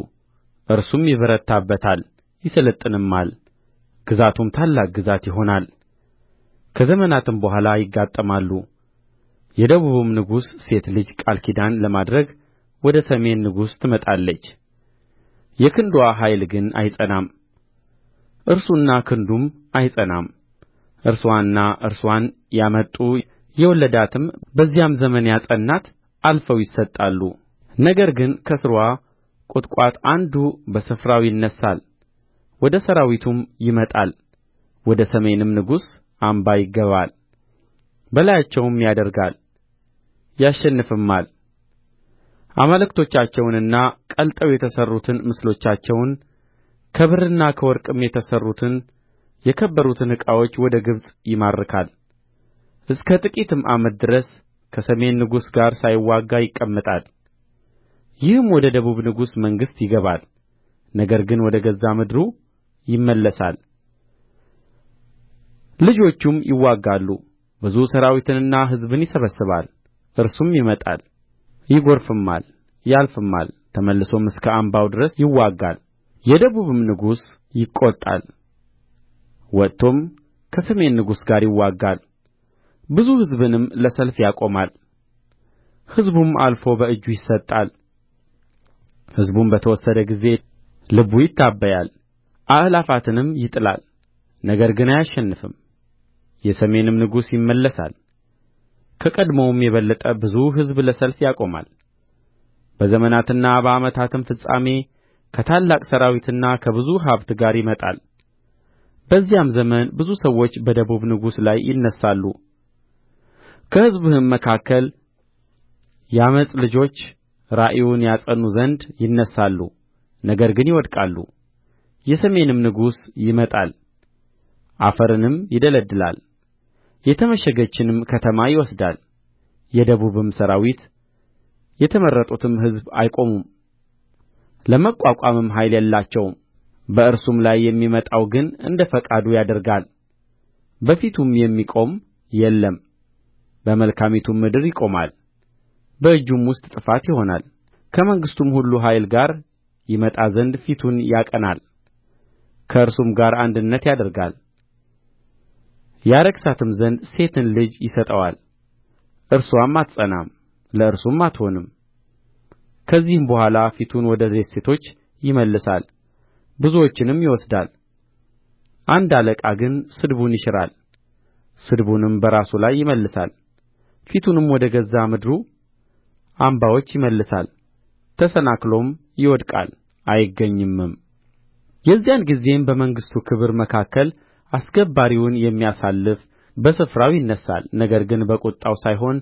እርሱም ይበረታበታል ይሠለጥንማል ግዛቱም ታላቅ ግዛት ይሆናል ከዘመናትም በኋላ ይጋጠማሉ የደቡብም ንጉሥ ሴት ልጅ ቃል ኪዳን ለማድረግ ወደ ሰሜን ንጉሥ ትመጣለች የክንድዋ ኃይል ግን አይጸናም እርሱና ክንዱም አይጸናም እርስዋና እርስዋን ያመጡ የወለዳትም በዚያም ዘመን ያጸናት አልፈው ይሰጣሉ ነገር ግን ከሥርዋ ቍጥቋጥ አንዱ በስፍራው ይነሣል ወደ ሠራዊቱም ይመጣል ወደ ሰሜንም ንጉሥ አምባ ይገባል በላያቸውም ያደርጋል ያሸንፍማል አማልክቶቻቸውንና ቀልጠው የተሠሩትን ምስሎቻቸውን ከብርና ከወርቅም የተሠሩትን የከበሩትን ዕቃዎች ወደ ግብጽ ይማርካል እስከ ጥቂትም ዓመት ድረስ ከሰሜን ንጉሥ ጋር ሳይዋጋ ይቀመጣል ይህም ወደ ደቡብ ንጉሥ መንግሥት ይገባል ነገር ግን ወደ ገዛ ምድሩ ይመለሳል ልጆቹም ይዋጋሉ ብዙ ሠራዊትንና ሕዝብን ይሰበስባል እርሱም ይመጣል ይጐርፍማል ያልፍማል ተመልሶም እስከ አምባው ድረስ ይዋጋል የደቡብም ንጉሥ ይቈጣል ወጥቶም ከሰሜን ንጉሥ ጋር ይዋጋል ብዙ ሕዝብንም ለሰልፍ ያቆማል ሕዝቡም አልፎ በእጁ ይሰጣል ሕዝቡም በተወሰደ ጊዜ ልቡ ይታበያል አእላፋትንም ይጥላል ነገር ግን አያሸንፍም የሰሜንም ንጉሥ ይመለሳል ከቀድሞውም የበለጠ ብዙ ሕዝብ ለሰልፍ ያቆማል በዘመናትና በዓመታትም ፍጻሜ ከታላቅ ሠራዊትና ከብዙ ሀብት ጋር ይመጣል በዚያም ዘመን ብዙ ሰዎች በደቡብ ንጉሥ ላይ ይነሣሉ ከሕዝብህም መካከል የዓመፅ ልጆች ራእዩን ያጸኑ ዘንድ ይነሣሉ ነገር ግን ይወድቃሉ የሰሜንም ንጉሥ ይመጣል አፈርንም ይደለድላል የተመሸገችንም ከተማ ይወስዳል የደቡብም ሠራዊት የተመረጡትም ሕዝብ አይቆሙም ለመቋቋምም ኃይል የላቸውም በእርሱም ላይ የሚመጣው ግን እንደ ፈቃዱ ያደርጋል በፊቱም የሚቆም የለም በመልካሚቱም ምድር ይቆማል በእጁም ውስጥ ጥፋት ይሆናል ከመንግሥቱም ሁሉ ኃይል ጋር ይመጣ ዘንድ ፊቱን ያቀናል ከእርሱም ጋር አንድነት ያደርጋል ያረክሳትም ዘንድ ሴትን ልጅ ይሰጠዋል እርስዋም አትጸናም ለእርሱም አትሆንም ከዚህም በኋላ ፊቱን ወደ ደሴቶች ይመልሳል ብዙዎችንም ይወስዳል አንድ አለቃ ግን ስድቡን ይሽራል ስድቡንም በራሱ ላይ ይመልሳል ፊቱንም ወደ ገዛ ምድሩ አምባዎች ይመልሳል ተሰናክሎም ይወድቃል አይገኝምም የዚያን ጊዜም በመንግሥቱ ክብር መካከል አስገባሪውን የሚያሳልፍ በስፍራው ይነሣል ነገር ግን በቍጣው ሳይሆን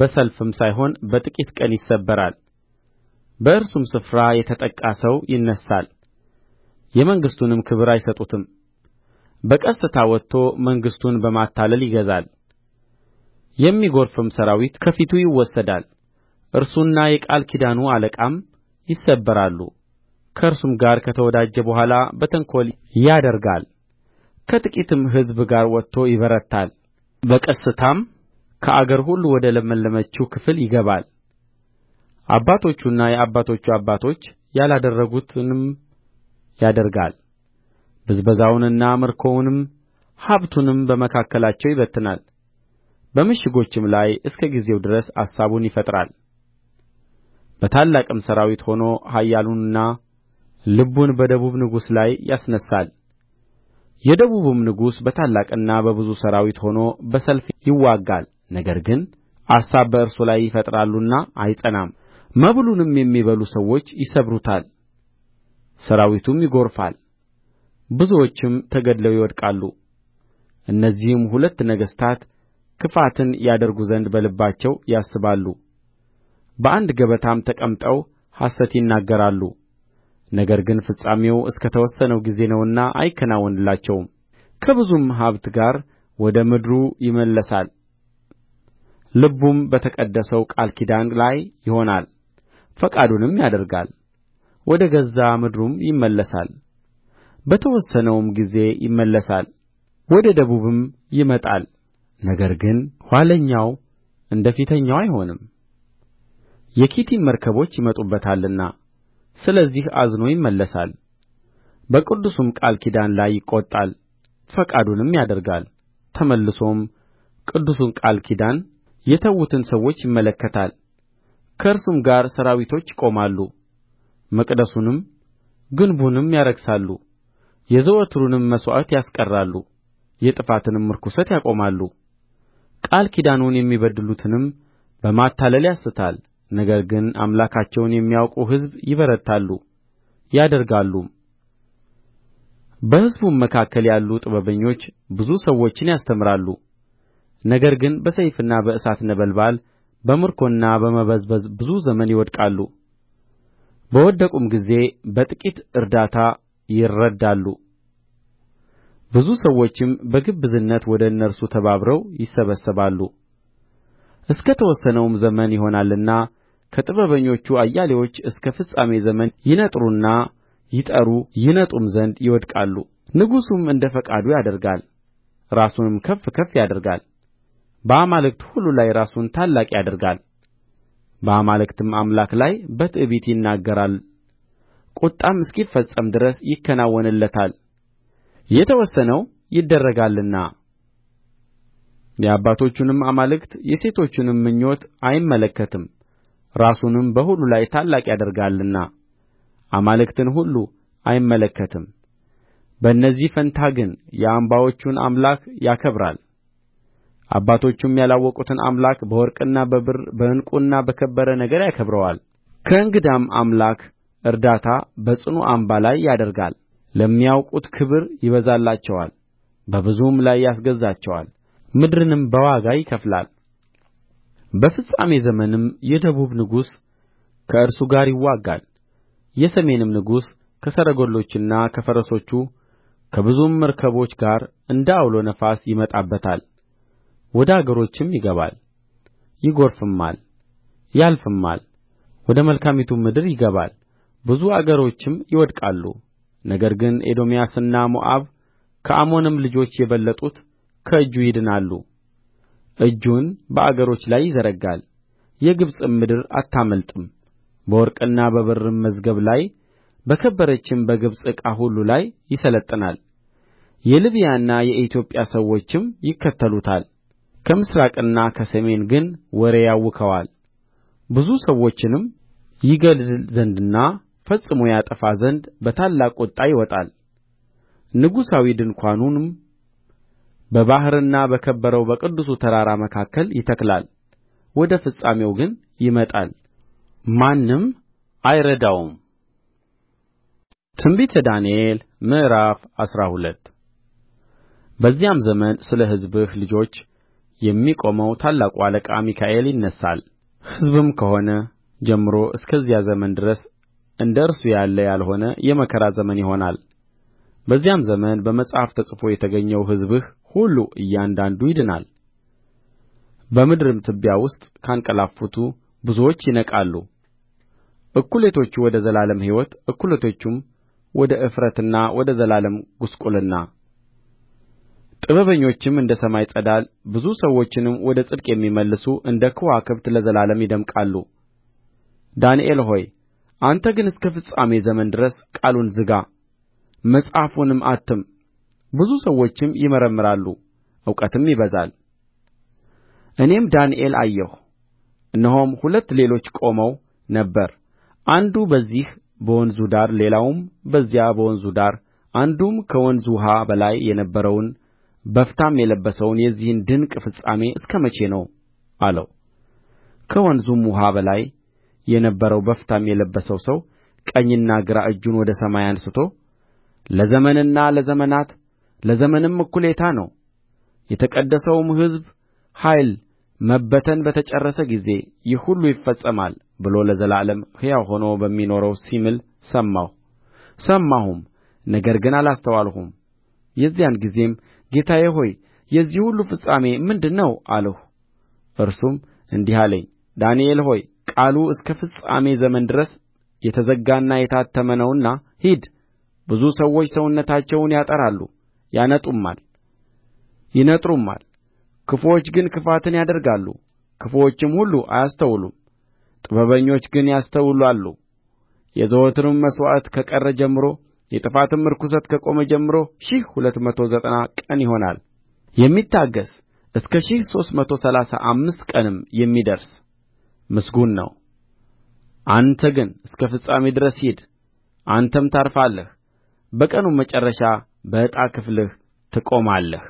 በሰልፍም ሳይሆን በጥቂት ቀን ይሰበራል በእርሱም ስፍራ የተጠቃ ሰው ይነሣል የመንግሥቱንም ክብር አይሰጡትም በቀስታ ወጥቶ መንግሥቱን በማታለል ይገዛል የሚጐርፍም ሠራዊት ከፊቱ ይወሰዳል እርሱና የቃል ኪዳኑ አለቃም ይሰበራሉ ከእርሱም ጋር ከተወዳጀ በኋላ በተንኰል ያደርጋል ከጥቂትም ሕዝብ ጋር ወጥቶ ይበረታል በቀስታም ከአገር ሁሉ ወደ ለመለመችው ክፍል ይገባል አባቶቹና የአባቶቹ አባቶች ያላደረጉትንም ያደርጋል ብዝበዛውንና ምርኮውንም ሀብቱንም በመካከላቸው ይበትናል በምሽጎችም ላይ እስከ ጊዜው ድረስ አሳቡን ይፈጥራል በታላቅም ሠራዊት ሆኖ ኃያሉንና ልቡን በደቡብ ንጉሥ ላይ ያስነሣል የደቡብም ንጉሥ በታላቅና በብዙ ሠራዊት ሆኖ በሰልፍ ይዋጋል ነገር ግን አሳብ በእርሱ ላይ ይፈጥራሉና አይጸናም መብሉንም የሚበሉ ሰዎች ይሰብሩታል ሠራዊቱም ይጐርፋል ብዙዎችም ተገድለው ይወድቃሉ እነዚህም ሁለት ነገሥታት ክፋትን ያደርጉ ዘንድ በልባቸው ያስባሉ በአንድ ገበታም ተቀምጠው ሐሰት ይናገራሉ ነገር ግን ፍጻሜው እስከ ተወሰነው ጊዜ ነውና አይከናወንላቸውም ከብዙም ሀብት ጋር ወደ ምድሩ ይመለሳል ልቡም በተቀደሰው ቃል ኪዳን ላይ ይሆናል ፈቃዱንም ያደርጋል ወደ ገዛ ምድሩም ይመለሳል በተወሰነውም ጊዜ ይመለሳል ወደ ደቡብም ይመጣል ነገር ግን ኋለኛው እንደ ፊተኛው አይሆንም የኪቲም መርከቦች ይመጡበታልና ስለዚህ አዝኖ ይመለሳል በቅዱሱም ቃል ኪዳን ላይ ይቈጣል ፈቃዱንም ያደርጋል ተመልሶም ቅዱሱን ቃል ኪዳን የተዉትን ሰዎች ይመለከታል ከእርሱም ጋር ሠራዊቶች ይቆማሉ መቅደሱንም ግንቡንም ያረክሳሉ የዘወትሩንም መሥዋዕት ያስቀራሉ የጥፋትንም ርኵሰት ያቆማሉ ቃል ኪዳኑን የሚበድሉትንም በማታለል ያስታል ነገር ግን አምላካቸውን የሚያውቁ ሕዝብ ይበረታሉ ያደርጋሉም በሕዝቡም መካከል ያሉ ጥበበኞች ብዙ ሰዎችን ያስተምራሉ ነገር ግን በሰይፍና በእሳት ነበልባል በምርኮና በመበዝበዝ ብዙ ዘመን ይወድቃሉ በወደቁም ጊዜ በጥቂት እርዳታ ይረዳሉ ብዙ ሰዎችም በግብዝነት ወደ እነርሱ ተባብረው ይሰበሰባሉ እስከ ተወሰነውም ዘመን ይሆናልና ከጥበበኞቹ አያሌዎች እስከ ፍጻሜ ዘመን ይነጥሩና ይጠሩ ይነጡም ዘንድ ይወድቃሉ ንጉሡም እንደ ፈቃዱ ያደርጋል ራሱንም ከፍ ከፍ ያደርጋል በአማልክት ሁሉ ላይ ራሱን ታላቅ ያደርጋል በአማልክትም አምላክ ላይ በትዕቢት ይናገራል ቍጣም እስኪፈጸም ድረስ ይከናወንለታል የተወሰነው ይደረጋልና የአባቶቹንም አማልክት የሴቶቹንም ምኞት አይመለከትም ራሱንም በሁሉ ላይ ታላቅ ያደርጋልና አማልክትን ሁሉ አይመለከትም በእነዚህ ፋንታ ግን የአምባዎቹን አምላክ ያከብራል አባቶቹም ያላወቁትን አምላክ በወርቅና በብር በዕንቍና በከበረ ነገር ያከብረዋል ከእንግዳም አምላክ እርዳታ በጽኑ አምባ ላይ ያደርጋል ለሚያውቁት ክብር ይበዛላቸዋል በብዙም ላይ ያስገዛቸዋል ምድርንም በዋጋ ይከፍላል በፍጻሜ ዘመንም የደቡብ ንጉሥ ከእርሱ ጋር ይዋጋል የሰሜንም ንጉሥ ከሰረገሎቹና ከፈረሶቹ ከብዙም መርከቦች ጋር እንደ ዐውሎ ነፋስ ይመጣበታል ወደ አገሮችም ይገባል ይጐርፍማል ያልፍማል ወደ መልካሚቱም ምድር ይገባል ብዙ አገሮችም ይወድቃሉ ነገር ግን ኤዶምያስና ሞዓብ ከአሞንም ልጆች የበለጡት ከእጁ ይድናሉ እጁን በአገሮች ላይ ይዘረጋል የግብጽም ምድር አታመልጥም በወርቅና በብርም መዝገብ ላይ በከበረችም በግብጽ ዕቃ ሁሉ ላይ ይሠለጥናል የልብያና የኢትዮጵያ ሰዎችም ይከተሉታል ከምሥራቅና ከሰሜን ግን ወሬ ያውከዋል ብዙ ሰዎችንም ይገድል ዘንድና ፈጽሞ ያጠፋ ዘንድ በታላቅ ቍጣ ይወጣል ንጉሣዊ ድንኳኑንም በባሕርና በከበረው በቅዱሱ ተራራ መካከል ይተክላል ወደ ፍጻሜው ግን ይመጣል ማንም አይረዳውም ትንቢተ ዳንኤል ምዕራፍ አስራ ሁለት በዚያም ዘመን ስለ ሕዝብህ ልጆች የሚቆመው ታላቁ አለቃ ሚካኤል ይነሣል ሕዝብም ከሆነ ጀምሮ እስከዚያ ዘመን ድረስ እንደ እርሱ ያለ ያልሆነ የመከራ ዘመን ይሆናል በዚያም ዘመን በመጽሐፍ ተጽፎ የተገኘው ሕዝብህ ሁሉ እያንዳንዱ ይድናል በምድርም ትቢያ ውስጥ ካንቀላፉቱ ብዙዎች ይነቃሉ እኵሌቶቹ ወደ ዘላለም ሕይወት እኵሌቶቹም ወደ እፍረትና ወደ ዘላለም ጕስቍልና ጥበበኞችም እንደ ሰማይ ፀዳል ብዙ ሰዎችንም ወደ ጽድቅ የሚመልሱ እንደ ከዋክብት ለዘላለም ይደምቃሉ ዳንኤል ሆይ አንተ ግን እስከ ፍጻሜ ዘመን ድረስ ቃሉን ዝጋ መጽሐፉንም አትም ብዙ ሰዎችም ይመረምራሉ እውቀትም ይበዛል እኔም ዳንኤል አየሁ እነሆም ሁለት ሌሎች ቆመው ነበር አንዱ በዚህ በወንዙ ዳር ሌላውም በዚያ በወንዙ ዳር አንዱም ከወንዙ ውኃ በላይ የነበረውን በፍታም የለበሰውን የዚህን ድንቅ ፍጻሜ እስከ መቼ ነው አለው ከወንዙም ውኃ በላይ የነበረው በፍታም የለበሰው ሰው ቀኝና ግራ እጁን ወደ ሰማይ አንሥቶ ለዘመንና ለዘመናት ለዘመንም እኵሌታ ነው የተቀደሰውም ሕዝብ ኃይል መበተን በተጨረሰ ጊዜ ይህ ሁሉ ይፈጸማል ብሎ ለዘላለም ሕያው ሆኖ በሚኖረው ሲምል ሰማሁ ሰማሁም ነገር ግን አላስተዋልሁም የዚያን ጊዜም ጌታዬ ሆይ የዚህ ሁሉ ፍጻሜ ምንድር ነው አልሁ እርሱም እንዲህ አለኝ ዳንኤል ሆይ ቃሉ እስከ ፍጻሜ ዘመን ድረስ የተዘጋና የታተመ ነውና ሂድ ብዙ ሰዎች ሰውነታቸውን ያጠራሉ ያነጡማል ይነጥሩማል ክፉዎች ግን ክፋትን ያደርጋሉ ክፉዎችም ሁሉ አያስተውሉም ጥበበኞች ግን ያስተውላሉ የዘወትርም መሥዋዕት ከቀረ ጀምሮ የጥፋትም ርኵሰት ከቆመ ጀምሮ ሺህ ሁለት መቶ ዘጠና ቀን ይሆናል የሚታገሥ እስከ ሺህ ሦስት መቶ ሠላሳ አምስት ቀንም የሚደርስ ምስጉን ነው አንተ ግን እስከ ፍጻሜ ድረስ ሂድ አንተም ታርፋለህ በቀኑም መጨረሻ በዕጣ ክፍልህ ትቆማለህ